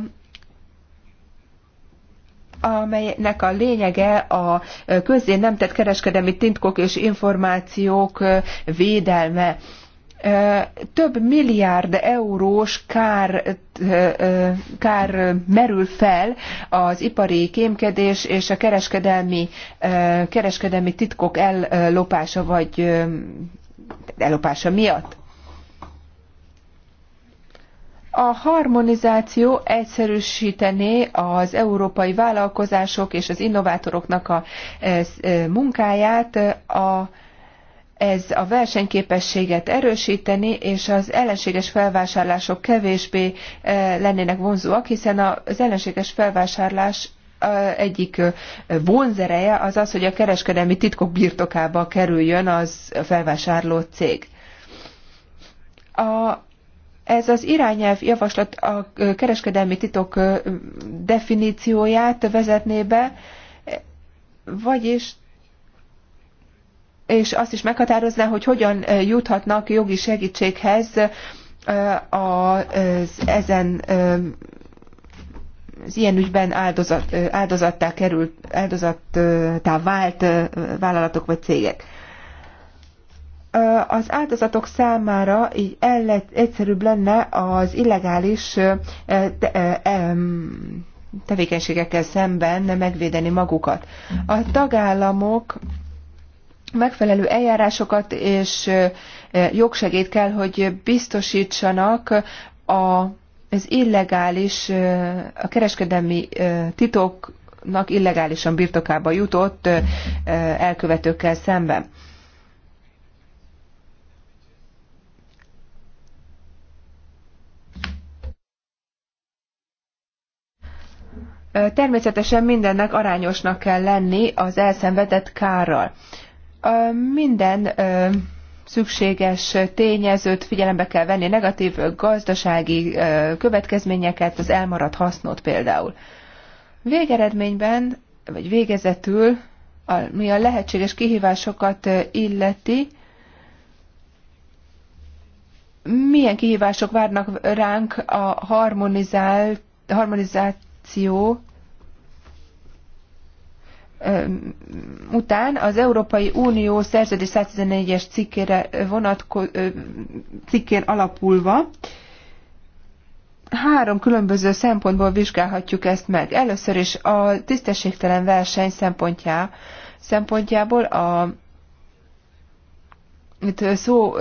amelynek a lényege a közé nem tett kereskedelmi titkok és információk védelme. Több milliárd eurós kár, kár merül fel az ipari kémkedés és a kereskedelmi, kereskedelmi titkok ellopása vagy ellopása miatt. A harmonizáció egyszerűsítené az európai vállalkozások és az innovátoroknak a e, e, munkáját, a, ez a versenyképességet erősíteni, és az ellenséges felvásárlások kevésbé e, lennének vonzóak, hiszen az ellenséges felvásárlás egyik vonzereje az az, hogy a kereskedelmi titkok birtokába kerüljön az felvásárló cég. A ez az irányelv javaslat a kereskedelmi titok definícióját vezetné be, vagyis és azt is meghatározná, hogy hogyan juthatnak jogi segítséghez az ezen az ilyen ügyben áldozat, áldozattá került, áldozattá vált vállalatok vagy cégek az áldozatok számára így ellet, egyszerűbb lenne az illegális tevékenységekkel szemben megvédeni magukat. A tagállamok megfelelő eljárásokat és jogsegét kell, hogy biztosítsanak a, az illegális, a kereskedelmi titoknak illegálisan birtokába jutott elkövetőkkel szemben. Természetesen mindennek arányosnak kell lenni az elszenvedett kárral. Minden szükséges tényezőt figyelembe kell venni, negatív gazdasági következményeket, az elmaradt hasznot például. Végeredményben, vagy végezetül, mi a lehetséges kihívásokat illeti, milyen kihívások várnak ránk a harmonizált, harmonizáció után az Európai Unió szerződés 114-es cikkére vonatko, cikkén alapulva három különböző szempontból vizsgálhatjuk ezt meg. Először is a tisztességtelen verseny szempontjá, szempontjából a itt szó,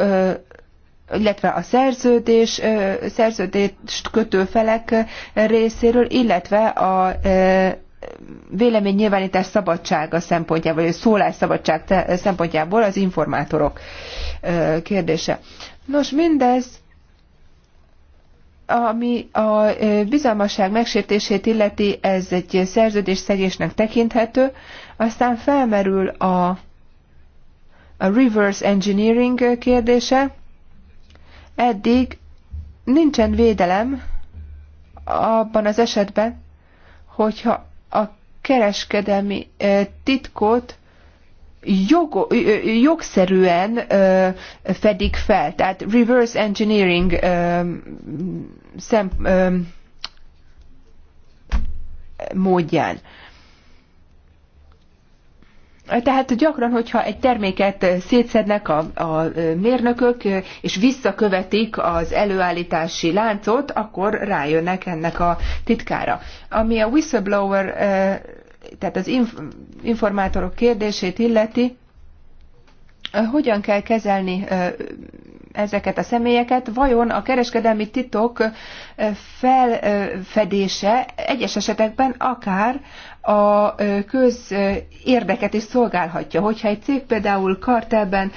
illetve a szerződés, szerződést kötő felek részéről, illetve a véleménynyilvánítás szabadsága szempontjából, vagy a szólásszabadság szempontjából az informátorok kérdése. Nos, mindez ami a bizalmasság megsértését illeti, ez egy szerződésszegésnek tekinthető, aztán felmerül a, a reverse engineering kérdése. Eddig nincsen védelem abban az esetben, hogyha kereskedelmi titkot jog, jogszerűen fedik fel, tehát reverse engineering szem, módján. Tehát gyakran, hogyha egy terméket szétszednek a, a mérnökök, és visszakövetik az előállítási láncot, akkor rájönnek ennek a titkára. Ami a whistleblower, tehát az informátorok kérdését illeti, hogyan kell kezelni ezeket a személyeket, vajon a kereskedelmi titok felfedése egyes esetekben akár a közérdeket is szolgálhatja. Hogyha egy cég például kartelben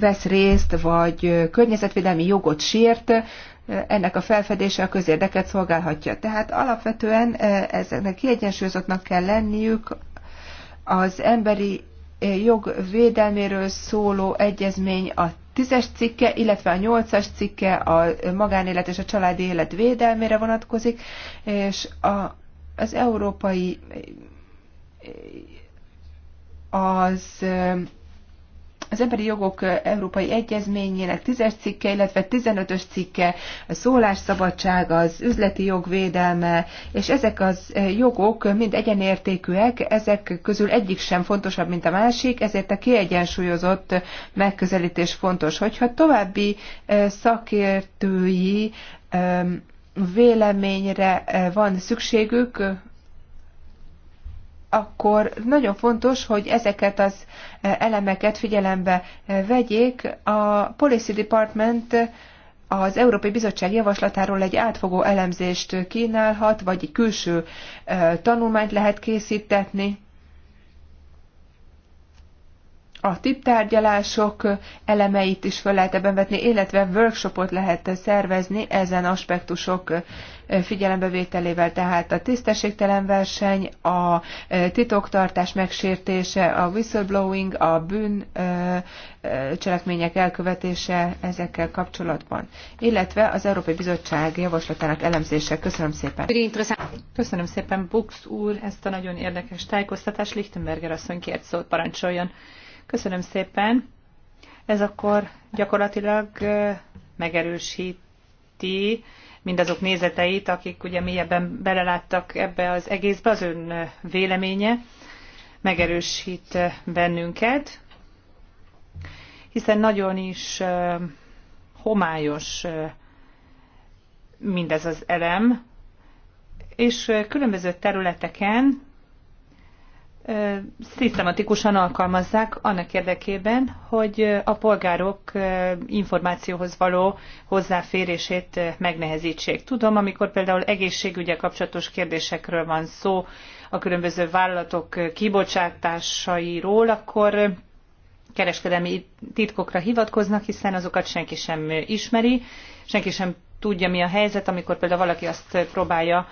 vesz részt, vagy környezetvédelmi jogot sért, ennek a felfedése a közérdeket szolgálhatja. Tehát alapvetően ezeknek kiegyensúlyozottnak kell lenniük az emberi jog védelméről szóló egyezmény a tízes cikke, illetve a nyolcas cikke a magánélet és a családi élet védelmére vonatkozik, és a az európai az az Emberi Jogok Európai Egyezményének 10-es cikke, illetve 15-ös cikke, a szólásszabadság, az üzleti jogvédelme, és ezek az jogok mind egyenértékűek, ezek közül egyik sem fontosabb, mint a másik, ezért a kiegyensúlyozott megközelítés fontos. Hogyha további szakértői véleményre eh, van szükségük, akkor nagyon fontos, hogy ezeket az eh, elemeket figyelembe eh, vegyék. A Policy Department az Európai Bizottság javaslatáról egy átfogó elemzést kínálhat, vagy egy külső tanulmányt lehet készítetni a tiptárgyalások elemeit is fel lehet ebben vetni, illetve workshopot lehet szervezni ezen aspektusok figyelembevételével, tehát a tisztességtelen verseny, a titoktartás megsértése, a whistleblowing, a bűn cselekmények elkövetése ezekkel kapcsolatban, illetve az Európai Bizottság javaslatának elemzése. Köszönöm szépen. Köszönöm szépen, Bux úr, ezt a nagyon érdekes tájékoztatást. Lichtenberger asszony kért szót parancsoljon. Köszönöm szépen. Ez akkor gyakorlatilag megerősíti mindazok nézeteit, akik ugye mélyebben beleláttak ebbe az egészbe, az ön véleménye megerősít bennünket, hiszen nagyon is homályos mindez az elem, és különböző területeken szisztematikusan alkalmazzák annak érdekében, hogy a polgárok információhoz való hozzáférését megnehezítsék. Tudom, amikor például egészségügye kapcsolatos kérdésekről van szó, a különböző vállalatok kibocsátásairól, akkor kereskedelmi titkokra hivatkoznak, hiszen azokat senki sem ismeri, senki sem tudja, mi a helyzet, amikor például valaki azt próbálja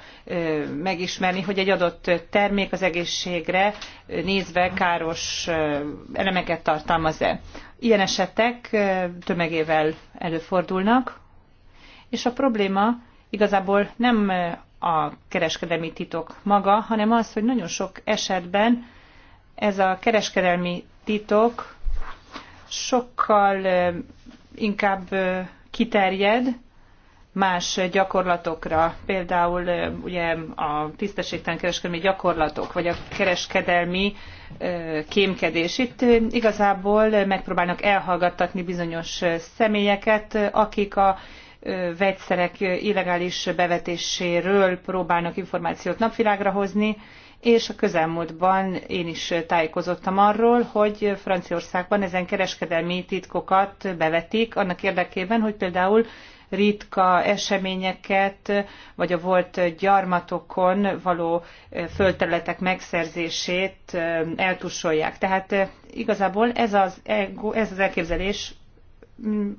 megismerni, hogy egy adott termék az egészségre nézve káros elemeket tartalmaz-e. Ilyen esetek tömegével előfordulnak, és a probléma igazából nem a kereskedelmi titok maga, hanem az, hogy nagyon sok esetben ez a kereskedelmi titok sokkal inkább kiterjed, más gyakorlatokra, például ugye a tisztességtelen kereskedelmi gyakorlatok, vagy a kereskedelmi kémkedés. Itt igazából megpróbálnak elhallgattatni bizonyos személyeket, akik a vegyszerek illegális bevetéséről próbálnak információt napvilágra hozni, és a közelmúltban én is tájékozottam arról, hogy Franciaországban ezen kereskedelmi titkokat bevetik annak érdekében, hogy például ritka eseményeket, vagy a volt gyarmatokon való földterületek megszerzését eltussolják. Tehát igazából ez az, ez az elképzelés mm,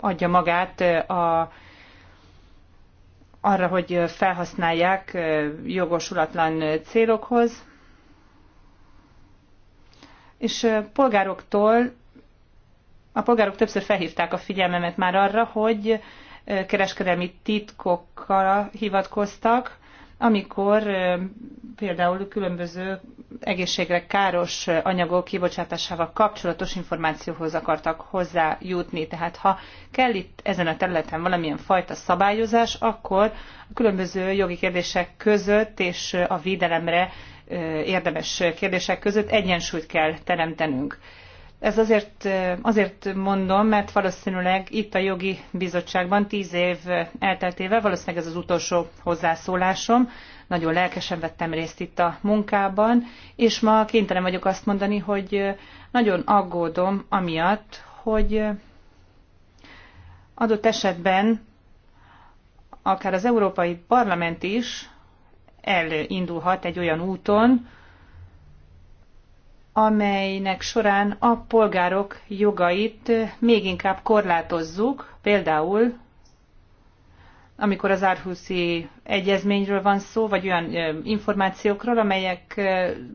adja magát a, arra, hogy felhasználják jogosulatlan célokhoz, és polgároktól, a polgárok többször felhívták a figyelmemet már arra, hogy kereskedelmi titkokra hivatkoztak, amikor például különböző egészségre káros anyagok kibocsátásával kapcsolatos információhoz akartak hozzájutni. Tehát ha kell itt ezen a területen valamilyen fajta szabályozás, akkor a különböző jogi kérdések között és a védelemre érdemes kérdések között egyensúlyt kell teremtenünk. Ez azért, azért mondom, mert valószínűleg itt a jogi bizottságban tíz év elteltével, valószínűleg ez az utolsó hozzászólásom, nagyon lelkesen vettem részt itt a munkában, és ma kénytelen vagyok azt mondani, hogy nagyon aggódom amiatt, hogy adott esetben akár az Európai Parlament is elindulhat egy olyan úton, amelynek során a polgárok jogait még inkább korlátozzuk, például amikor az Árhuszi egyezményről van szó, vagy olyan információkról, amelyek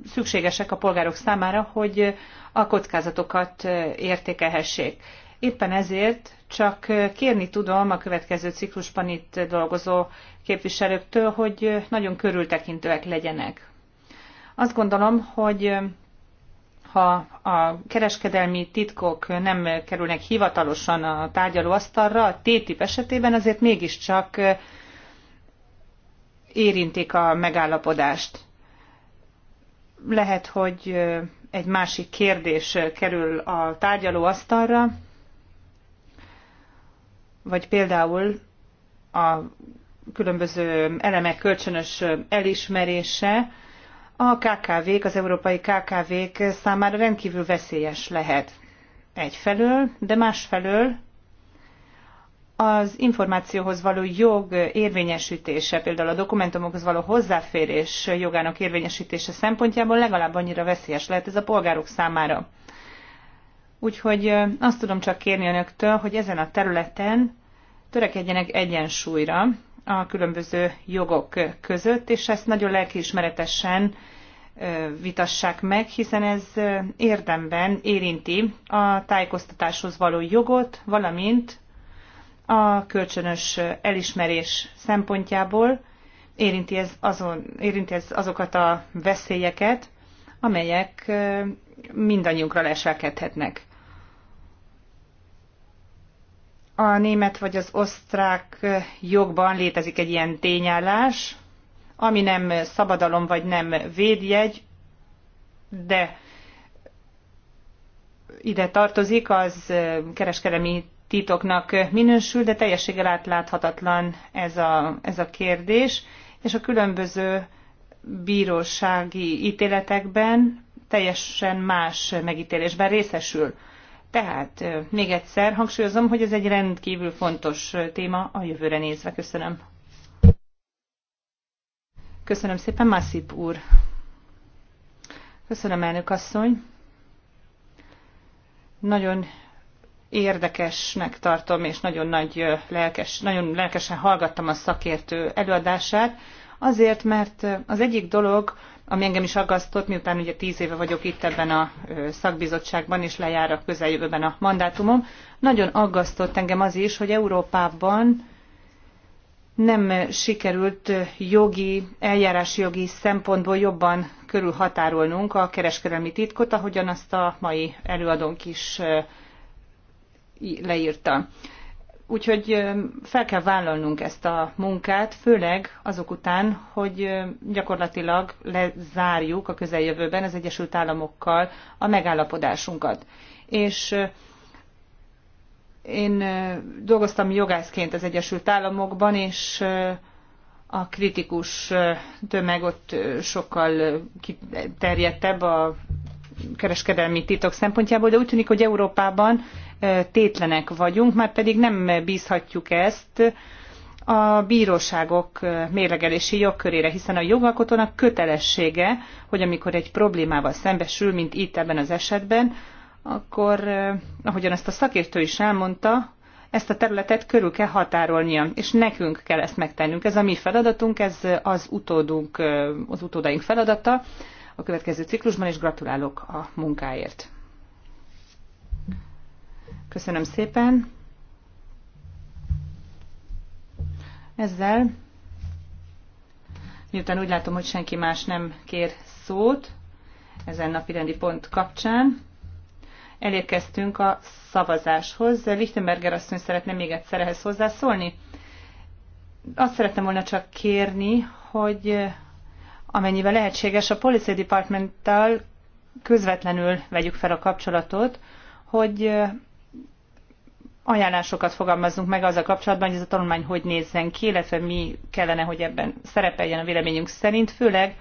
szükségesek a polgárok számára, hogy a kockázatokat értékelhessék. Éppen ezért csak kérni tudom a következő ciklusban itt dolgozó képviselőktől, hogy nagyon körültekintőek legyenek. Azt gondolom, hogy ha a kereskedelmi titkok nem kerülnek hivatalosan a tárgyalóasztalra, a TTIP esetében azért mégiscsak érintik a megállapodást. Lehet, hogy egy másik kérdés kerül a tárgyalóasztalra, vagy például a különböző elemek kölcsönös elismerése, a KKV-k, az európai KKV-k számára rendkívül veszélyes lehet egyfelől, de másfelől az információhoz való jog érvényesítése, például a dokumentumokhoz való hozzáférés jogának érvényesítése szempontjából legalább annyira veszélyes lehet ez a polgárok számára. Úgyhogy azt tudom csak kérni önöktől, hogy ezen a területen törekedjenek egyensúlyra, a különböző jogok között, és ezt nagyon lelkiismeretesen vitassák meg, hiszen ez érdemben érinti a tájékoztatáshoz való jogot, valamint a kölcsönös elismerés szempontjából érinti ez, azon, érinti ez azokat a veszélyeket, amelyek mindannyiunkra leselkedhetnek. a német vagy az osztrák jogban létezik egy ilyen tényállás, ami nem szabadalom vagy nem védjegy, de ide tartozik, az kereskedelmi titoknak minősül, de teljességgel átláthatatlan ez a, ez a kérdés, és a különböző bírósági ítéletekben teljesen más megítélésben részesül. Tehát még egyszer hangsúlyozom, hogy ez egy rendkívül fontos téma a jövőre nézve. Köszönöm. Köszönöm szépen, Massip úr. Köszönöm, elnök asszony. Nagyon érdekesnek tartom, és nagyon, nagy lelkes, nagyon lelkesen hallgattam a szakértő előadását, azért, mert az egyik dolog, ami engem is aggasztott, miután ugye tíz éve vagyok itt ebben a szakbizottságban, és lejár a közeljövőben a mandátumom. Nagyon aggasztott engem az is, hogy Európában nem sikerült jogi, eljárási jogi szempontból jobban körülhatárolnunk a kereskedelmi titkot, ahogyan azt a mai előadónk is leírta. Úgyhogy fel kell vállalnunk ezt a munkát, főleg azok után, hogy gyakorlatilag lezárjuk a közeljövőben az Egyesült Államokkal a megállapodásunkat. És én dolgoztam jogászként az Egyesült Államokban, és a kritikus tömeg ott sokkal kiterjedtebb a kereskedelmi titok szempontjából, de úgy tűnik, hogy Európában tétlenek vagyunk, már pedig nem bízhatjuk ezt a bíróságok mérlegelési jogkörére, hiszen a jogalkotónak kötelessége, hogy amikor egy problémával szembesül, mint itt ebben az esetben, akkor, ahogyan ezt a szakértő is elmondta, ezt a területet körül kell határolnia, és nekünk kell ezt megtennünk. Ez a mi feladatunk, ez az utódunk, az utódaink feladata a következő ciklusban, és gratulálok a munkáért. Köszönöm szépen. Ezzel, miután úgy látom, hogy senki más nem kér szót ezen rendi pont kapcsán, elérkeztünk a szavazáshoz. Lichtenberger asszony szeretne még egyszer ehhez hozzászólni. Azt szerettem volna csak kérni, hogy amennyivel lehetséges a Policy Departmenttal közvetlenül vegyük fel a kapcsolatot, hogy ajánlásokat fogalmazzunk meg azzal kapcsolatban, hogy ez a tanulmány hogy nézzen ki, illetve mi kellene, hogy ebben szerepeljen a véleményünk szerint, főleg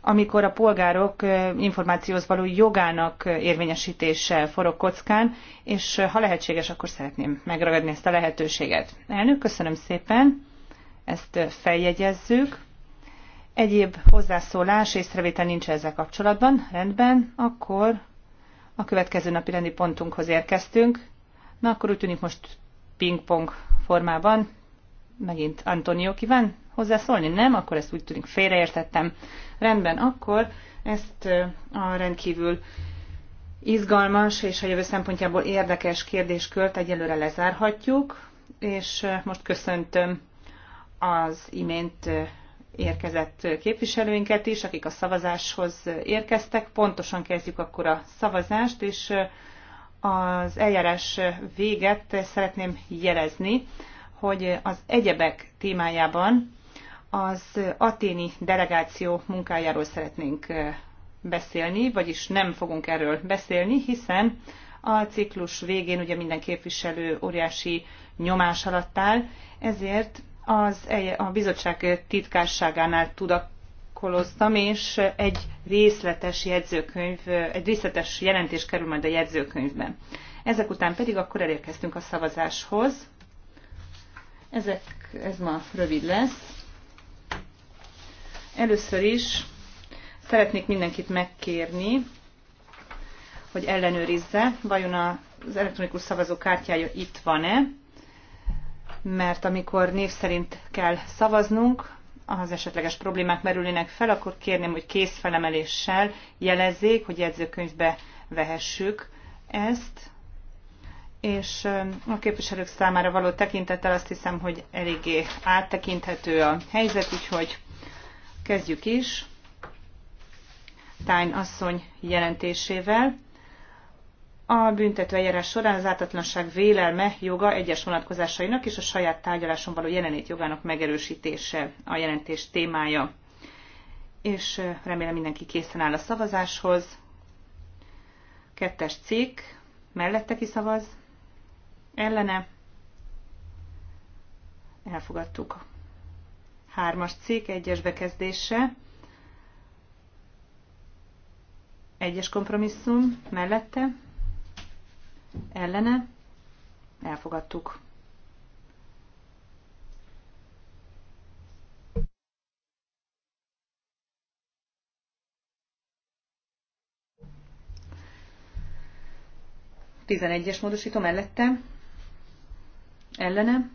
amikor a polgárok információhoz való jogának érvényesítése forog kockán, és ha lehetséges, akkor szeretném megragadni ezt a lehetőséget. Elnök, köszönöm szépen, ezt feljegyezzük. Egyéb hozzászólás, észrevétel nincs ezzel kapcsolatban. Rendben, akkor a következő napi rendi pontunkhoz érkeztünk. Na akkor úgy tűnik most pingpong formában. Megint Antonio kíván hozzászólni? Nem? Akkor ezt úgy tűnik félreértettem. Rendben, akkor ezt a rendkívül izgalmas és a jövő szempontjából érdekes kérdéskört egyelőre lezárhatjuk, és most köszöntöm az imént érkezett képviselőinket is, akik a szavazáshoz érkeztek. Pontosan kezdjük akkor a szavazást, és az eljárás véget szeretném jelezni, hogy az egyebek témájában az aténi delegáció munkájáról szeretnénk beszélni, vagyis nem fogunk erről beszélni, hiszen a ciklus végén ugye minden képviselő óriási nyomás alatt áll, ezért az, a bizottság titkárságánál tudok protokolloztam, és egy részletes jegyzőkönyv, egy részletes jelentés kerül majd a jegyzőkönyvben. Ezek után pedig akkor elérkeztünk a szavazáshoz. Ezek, ez ma rövid lesz. Először is szeretnék mindenkit megkérni, hogy ellenőrizze, vajon az elektronikus szavazókártyája itt van-e, mert amikor név szerint kell szavaznunk, az esetleges problémák merülnének fel, akkor kérném, hogy készfelemeléssel jelezzék, hogy jegyzőkönyvbe vehessük ezt. És a képviselők számára való tekintettel azt hiszem, hogy eléggé áttekinthető a helyzet, úgyhogy kezdjük is. Tájn asszony jelentésével a büntetőeljárás során az ártatlanság vélelme joga egyes vonatkozásainak és a saját tárgyaláson való jelenét jogának megerősítése a jelentés témája. És remélem mindenki készen áll a szavazáshoz. Kettes cikk, mellette szavaz, ellene, elfogadtuk. Hármas cikk, egyes bekezdése, egyes kompromisszum, mellette, ellene, elfogadtuk. Tizenegyes módosító mellette, ellene,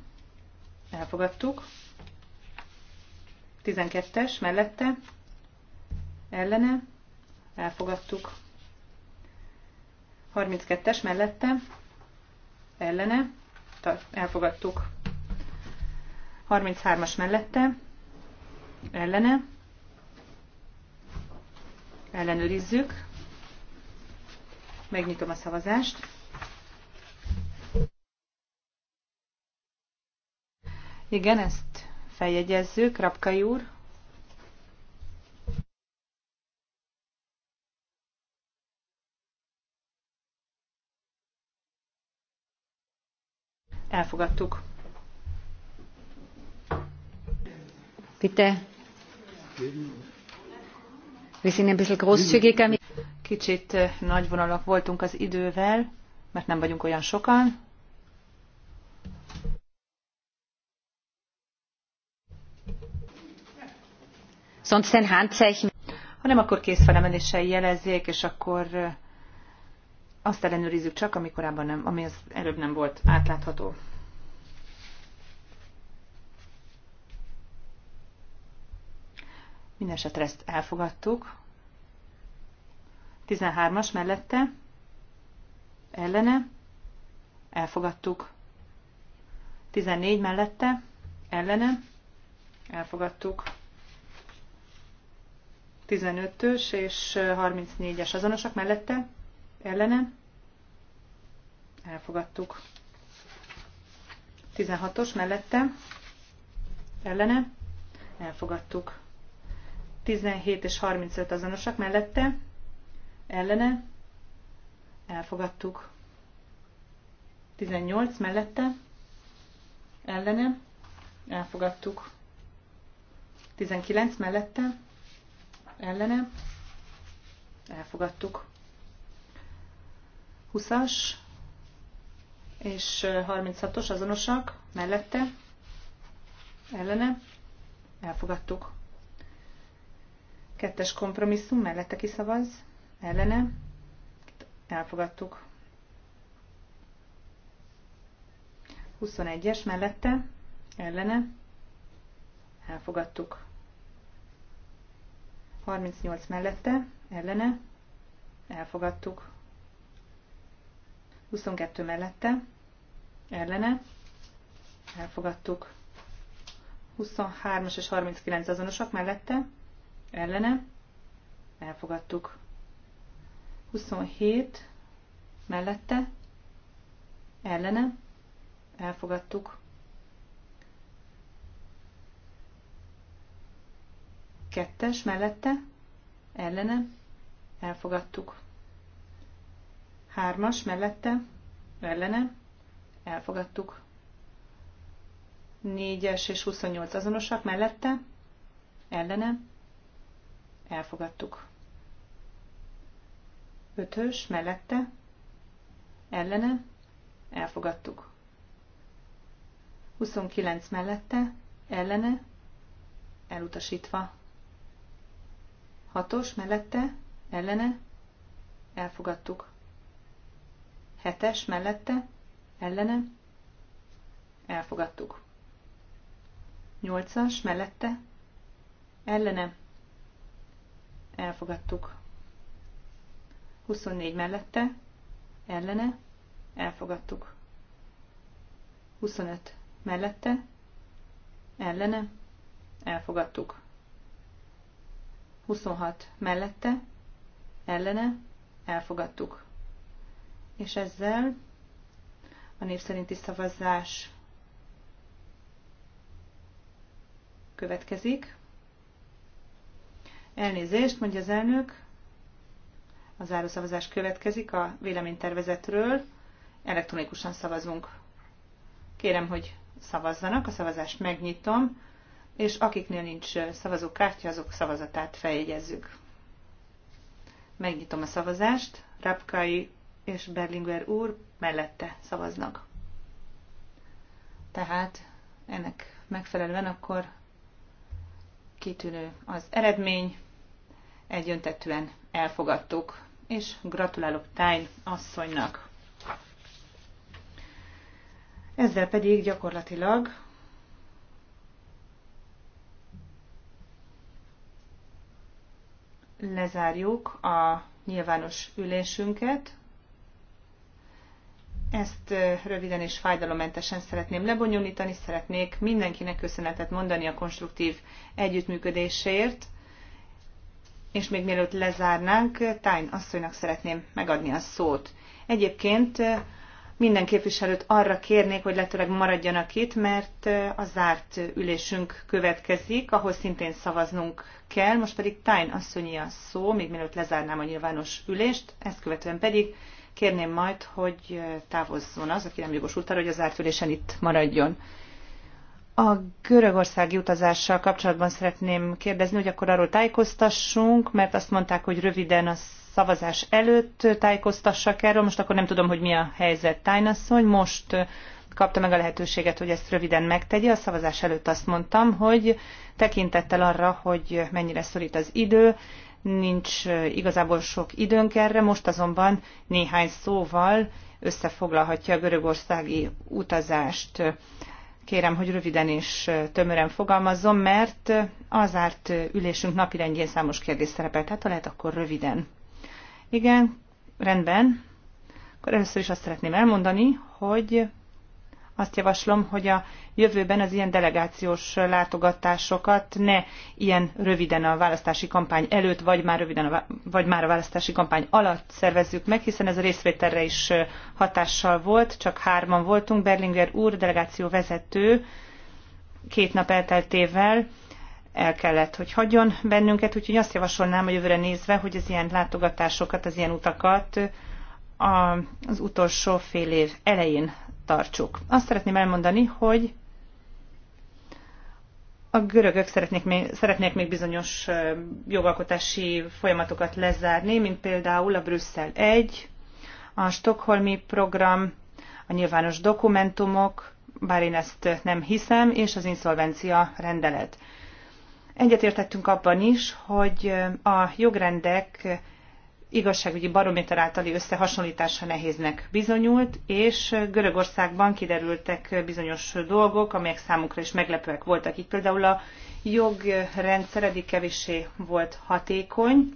elfogadtuk. Tizenkettes mellette, ellene, elfogadtuk. 32-es mellette, ellene, elfogadtuk. 33-as mellette, ellene, ellenőrizzük, megnyitom a szavazást. Igen, ezt feljegyezzük, Rapkai úr. Elfogadtuk. Bitte. Wir sind ein bisschen großzügiger. Kicsit eh, vonalak voltunk az idővel, mert nem vagyunk olyan sokan. Sonst ein Handzeichen. Ha nem, akkor kész felemeléssel jelezzék, és akkor eh, azt ellenőrizzük csak, ami korábban nem, ami az előbb nem volt átlátható. Mindenesetre ezt elfogadtuk. 13-as mellette, ellene, elfogadtuk. 14 mellette, ellene, elfogadtuk. 15-ös és 34-es azonosak mellette, ellene, elfogadtuk. 16-os mellette, ellene, elfogadtuk. 17 és 35 azonosak mellette, ellene, elfogadtuk. 18 mellette, ellene, elfogadtuk. 19 mellette, ellene, elfogadtuk. 20-as és 36-os azonosak, mellette, ellene, elfogadtuk. Kettes kompromisszum, mellette kiszavaz, ellene, elfogadtuk. 21-es mellette, ellene, elfogadtuk. 38 mellette, ellene, elfogadtuk. 22 mellette, ellene, elfogadtuk. 23-as és 39 azonosak mellette, ellene, elfogadtuk. 27 mellette, ellene, elfogadtuk. 2-es mellette, ellene, elfogadtuk. Hármas mellette, ellene, elfogadtuk. Négyes és 28 azonosak mellette, ellene, elfogadtuk. Ötös mellette, ellene, elfogadtuk. 29 mellette, ellene, elutasítva. 6-os mellette, ellene, elfogadtuk. Hetes mellette, ellene, elfogadtuk. Nyolcas mellette, ellene, elfogadtuk. 24 mellette, ellene, elfogadtuk. 25 mellette, ellene, elfogadtuk. 26 mellette, ellene, elfogadtuk és ezzel a név szerinti szavazás következik. Elnézést, mondja az elnök. A zárószavazás következik a véleménytervezetről. Elektronikusan szavazunk. Kérem, hogy szavazzanak, a szavazást megnyitom, és akiknél nincs szavazókártya, azok szavazatát feljegyezzük. Megnyitom a szavazást. Rapkai és Berlinguer úr mellette szavaznak. Tehát ennek megfelelően akkor kitűnő az eredmény, egyöntetően elfogadtuk, és gratulálok Tájn asszonynak. Ezzel pedig gyakorlatilag lezárjuk a nyilvános ülésünket. Ezt röviden és fájdalommentesen szeretném lebonyolítani, szeretnék mindenkinek köszönetet mondani a konstruktív együttműködésért, és még mielőtt lezárnánk, Tájn asszonynak szeretném megadni a szót. Egyébként minden képviselőt arra kérnék, hogy lehetőleg maradjanak itt, mert a zárt ülésünk következik, ahol szintén szavaznunk kell. Most pedig Tájn asszonyi a szó, még mielőtt lezárnám a nyilvános ülést, ezt követően pedig kérném majd, hogy távozzon az, aki nem jogosult arra, hogy az ártülésen itt maradjon. A görögországi utazással kapcsolatban szeretném kérdezni, hogy akkor arról tájékoztassunk, mert azt mondták, hogy röviden a szavazás előtt tájékoztassak erről, most akkor nem tudom, hogy mi a helyzet tájnasszony. Most kapta meg a lehetőséget, hogy ezt röviden megtegye. A szavazás előtt azt mondtam, hogy tekintettel arra, hogy mennyire szorít az idő, nincs igazából sok időnk erre, most azonban néhány szóval összefoglalhatja a görögországi utazást. Kérem, hogy röviden és tömören fogalmazzon, mert az árt ülésünk rendjén számos kérdés szerepelt, hát ha lehet, akkor röviden. Igen, rendben. Akkor először is azt szeretném elmondani, hogy azt javaslom, hogy a jövőben az ilyen delegációs látogatásokat ne ilyen röviden a választási kampány előtt, vagy már, röviden a, vagy már a választási kampány alatt szervezzük meg, hiszen ez a részvételre is hatással volt, csak hárman voltunk. Berlinger úr, delegáció vezető, két nap elteltével el kellett, hogy hagyjon bennünket, úgyhogy azt javasolnám a jövőre nézve, hogy az ilyen látogatásokat, az ilyen utakat az utolsó fél év elején tartsuk. Azt szeretném elmondani, hogy a görögök szeretnék még, szeretnék még bizonyos jogalkotási folyamatokat lezárni, mint például a Brüsszel 1, a Stockholmi program, a nyilvános dokumentumok, bár én ezt nem hiszem, és az inszolvencia rendelet. Egyetértettünk abban is, hogy a jogrendek igazságügyi barométer általi összehasonlítása nehéznek bizonyult, és Görögországban kiderültek bizonyos dolgok, amelyek számunkra is meglepőek voltak. Így például a jogrendszer eddig kevéssé volt hatékony,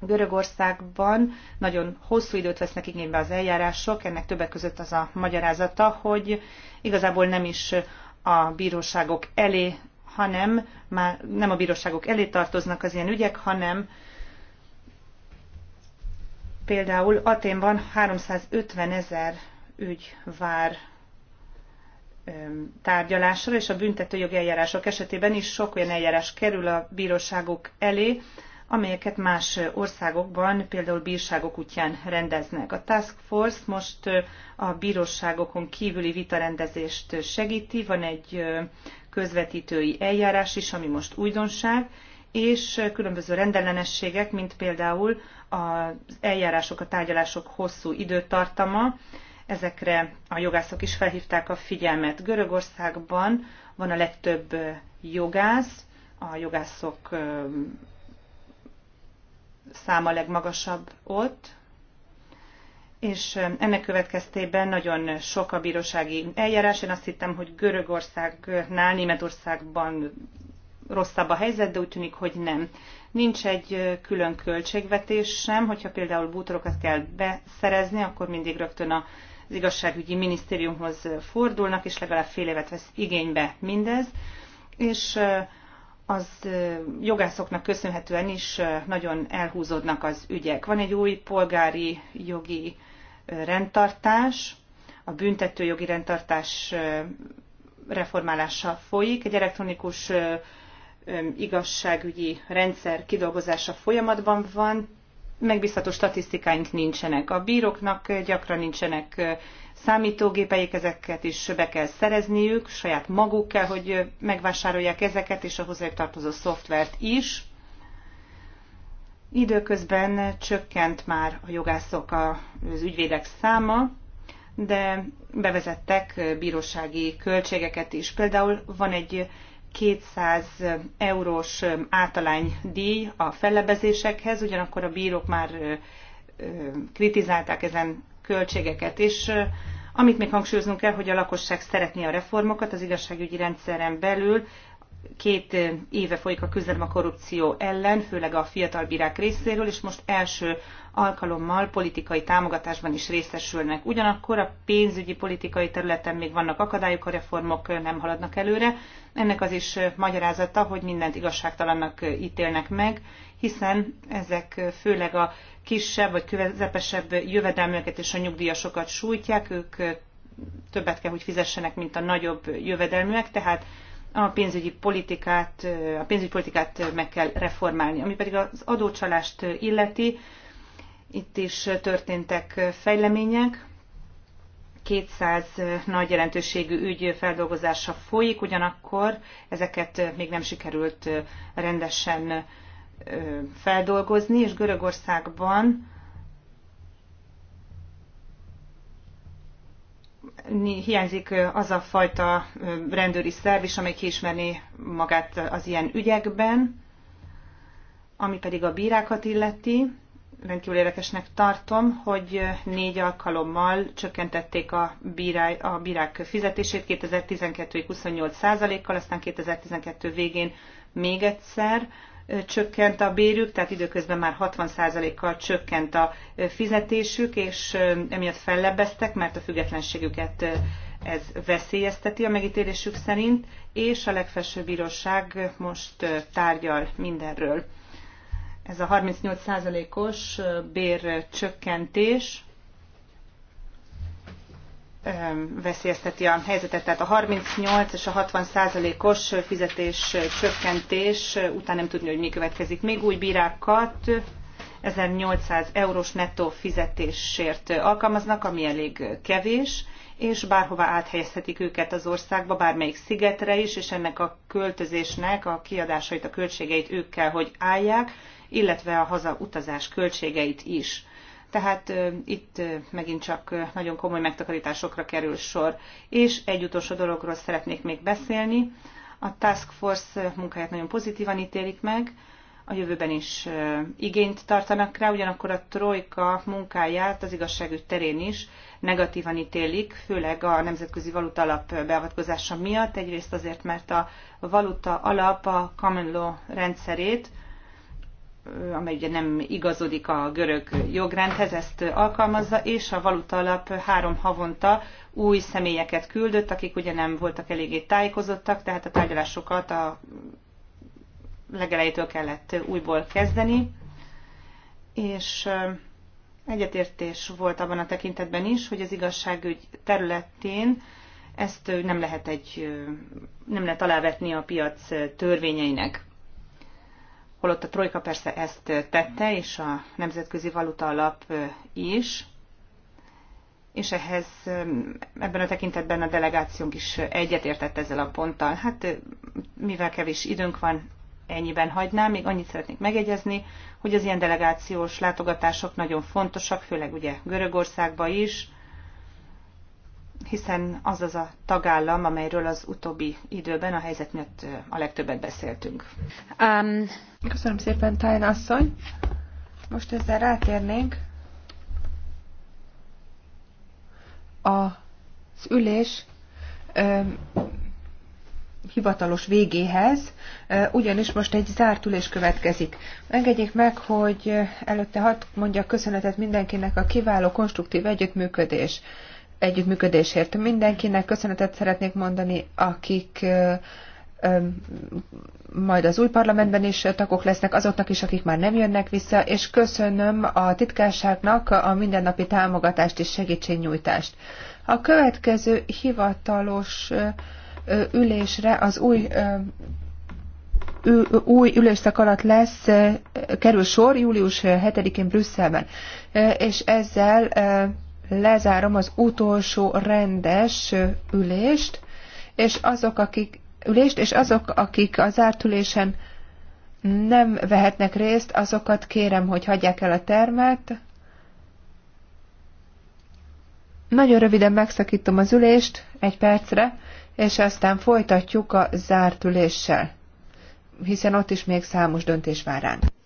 Görögországban nagyon hosszú időt vesznek igénybe az eljárások, ennek többek között az a magyarázata, hogy igazából nem is a bíróságok elé, hanem már nem a bíróságok elé tartoznak az ilyen ügyek, hanem Például Aténban 350 ezer ügy vár tárgyalásra, és a büntetőjogi eljárások esetében is sok olyan eljárás kerül a bíróságok elé, amelyeket más országokban, például bírságok útján rendeznek. A Task Force most a bíróságokon kívüli vitarendezést segíti, van egy közvetítői eljárás is, ami most újdonság, és különböző rendellenességek, mint például az eljárások, a tárgyalások hosszú időtartama, ezekre a jogászok is felhívták a figyelmet. Görögországban van a legtöbb jogász, a jogászok száma legmagasabb ott, és ennek következtében nagyon sok a bírósági eljárás. Én azt hittem, hogy Görögországnál, Németországban rosszabb a helyzet, de úgy tűnik, hogy nem. Nincs egy külön költségvetés sem, hogyha például bútorokat kell beszerezni, akkor mindig rögtön a az igazságügyi minisztériumhoz fordulnak, és legalább fél évet vesz igénybe mindez, és az jogászoknak köszönhetően is nagyon elhúzódnak az ügyek. Van egy új polgári jogi rendtartás, a büntető jogi rendtartás reformálása folyik, egy elektronikus igazságügyi rendszer kidolgozása folyamatban van, megbízható statisztikáink nincsenek. A bíróknak gyakran nincsenek számítógépeik, ezeket is be kell szerezniük, saját maguk kell, hogy megvásárolják ezeket, és a hozzájuk tartozó szoftvert is. Időközben csökkent már a jogászok, az ügyvédek száma, de bevezettek bírósági költségeket is. Például van egy 200 eurós általánydíj a fellebezésekhez, ugyanakkor a bírók már kritizálták ezen költségeket, is. amit még hangsúlyoznunk kell, hogy a lakosság szeretné a reformokat az igazságügyi rendszeren belül, két éve folyik a küzdelem a korrupció ellen, főleg a fiatal bírák részéről, és most első alkalommal politikai támogatásban is részesülnek. Ugyanakkor a pénzügyi politikai területen még vannak akadályok, a reformok nem haladnak előre. Ennek az is magyarázata, hogy mindent igazságtalannak ítélnek meg, hiszen ezek főleg a kisebb vagy közepesebb jövedelműeket és a nyugdíjasokat sújtják, ők többet kell, hogy fizessenek, mint a nagyobb jövedelműek, tehát a pénzügyi politikát, a pénzügyi politikát meg kell reformálni. Ami pedig az adócsalást illeti, itt is történtek fejlemények. 200 nagy jelentőségű ügy feldolgozása folyik, ugyanakkor ezeket még nem sikerült rendesen feldolgozni, és Görögországban hiányzik az a fajta rendőri szerv is, amely kiismerné magát az ilyen ügyekben, ami pedig a bírákat illeti. Rendkívül érdekesnek tartom, hogy négy alkalommal csökkentették a, bírály, a bírák fizetését 2012-ig 28 százalékkal, aztán 2012 végén még egyszer csökkent a bérük, tehát időközben már 60%-kal csökkent a fizetésük, és emiatt fellebbeztek, mert a függetlenségüket ez veszélyezteti a megítélésük szerint, és a legfelsőbb bíróság most tárgyal mindenről. Ez a 38%-os bércsökkentés veszélyezteti a helyzetet. Tehát a 38 és a 60 százalékos fizetés csökkentés után nem tudni, hogy mi következik. Még új bírákat 1800 eurós nettó fizetésért alkalmaznak, ami elég kevés, és bárhova áthelyezhetik őket az országba, bármelyik szigetre is, és ennek a költözésnek a kiadásait, a költségeit ők kell, hogy állják, illetve a hazautazás költségeit is tehát itt megint csak nagyon komoly megtakarításokra kerül sor. És egy utolsó dologról szeretnék még beszélni. A Task Force munkáját nagyon pozitívan ítélik meg, a jövőben is igényt tartanak rá, ugyanakkor a trojka munkáját az igazságügy terén is negatívan ítélik, főleg a Nemzetközi Valuta Alap beavatkozása miatt, egyrészt azért, mert a valuta alap a common law rendszerét amely ugye nem igazodik a görög jogrendhez, ezt alkalmazza, és a valutalap három havonta új személyeket küldött, akik ugye nem voltak eléggé tájékozottak, tehát a tárgyalásokat a legelejétől kellett újból kezdeni, és egyetértés volt abban a tekintetben is, hogy az igazságügy területén ezt nem lehet, egy, nem lehet alávetni a piac törvényeinek holott a Trojka persze ezt tette, és a Nemzetközi Valuta Alap is, és ehhez ebben a tekintetben a delegációnk is egyetértett ezzel a ponttal. Hát mivel kevés időnk van, ennyiben hagynám, még annyit szeretnék megegyezni, hogy az ilyen delegációs látogatások nagyon fontosak, főleg ugye Görögországba is, hiszen az az a tagállam, amelyről az utóbbi időben a helyzet miatt a legtöbbet beszéltünk. Um, köszönöm szépen, Tájn asszony. Most ezzel rátérnénk az ülés um, hivatalos végéhez, ugyanis most egy zárt ülés következik. Engedjék meg, hogy előtte hadd mondjak köszönetet mindenkinek a kiváló konstruktív együttműködés együttműködésért. Mindenkinek köszönetet szeretnék mondani, akik majd az új parlamentben is tagok lesznek, azoknak is, akik már nem jönnek vissza, és köszönöm a titkárságnak a mindennapi támogatást és segítségnyújtást. A következő hivatalos ülésre az új új ülésszak alatt lesz, kerül sor július 7-én Brüsszelben, és ezzel lezárom az utolsó rendes ülést, és azok, akik ülést, és azok, akik az zárt ülésen nem vehetnek részt, azokat kérem, hogy hagyják el a termet. Nagyon röviden megszakítom az ülést, egy percre, és aztán folytatjuk a zárt üléssel, hiszen ott is még számos döntés vár ránk.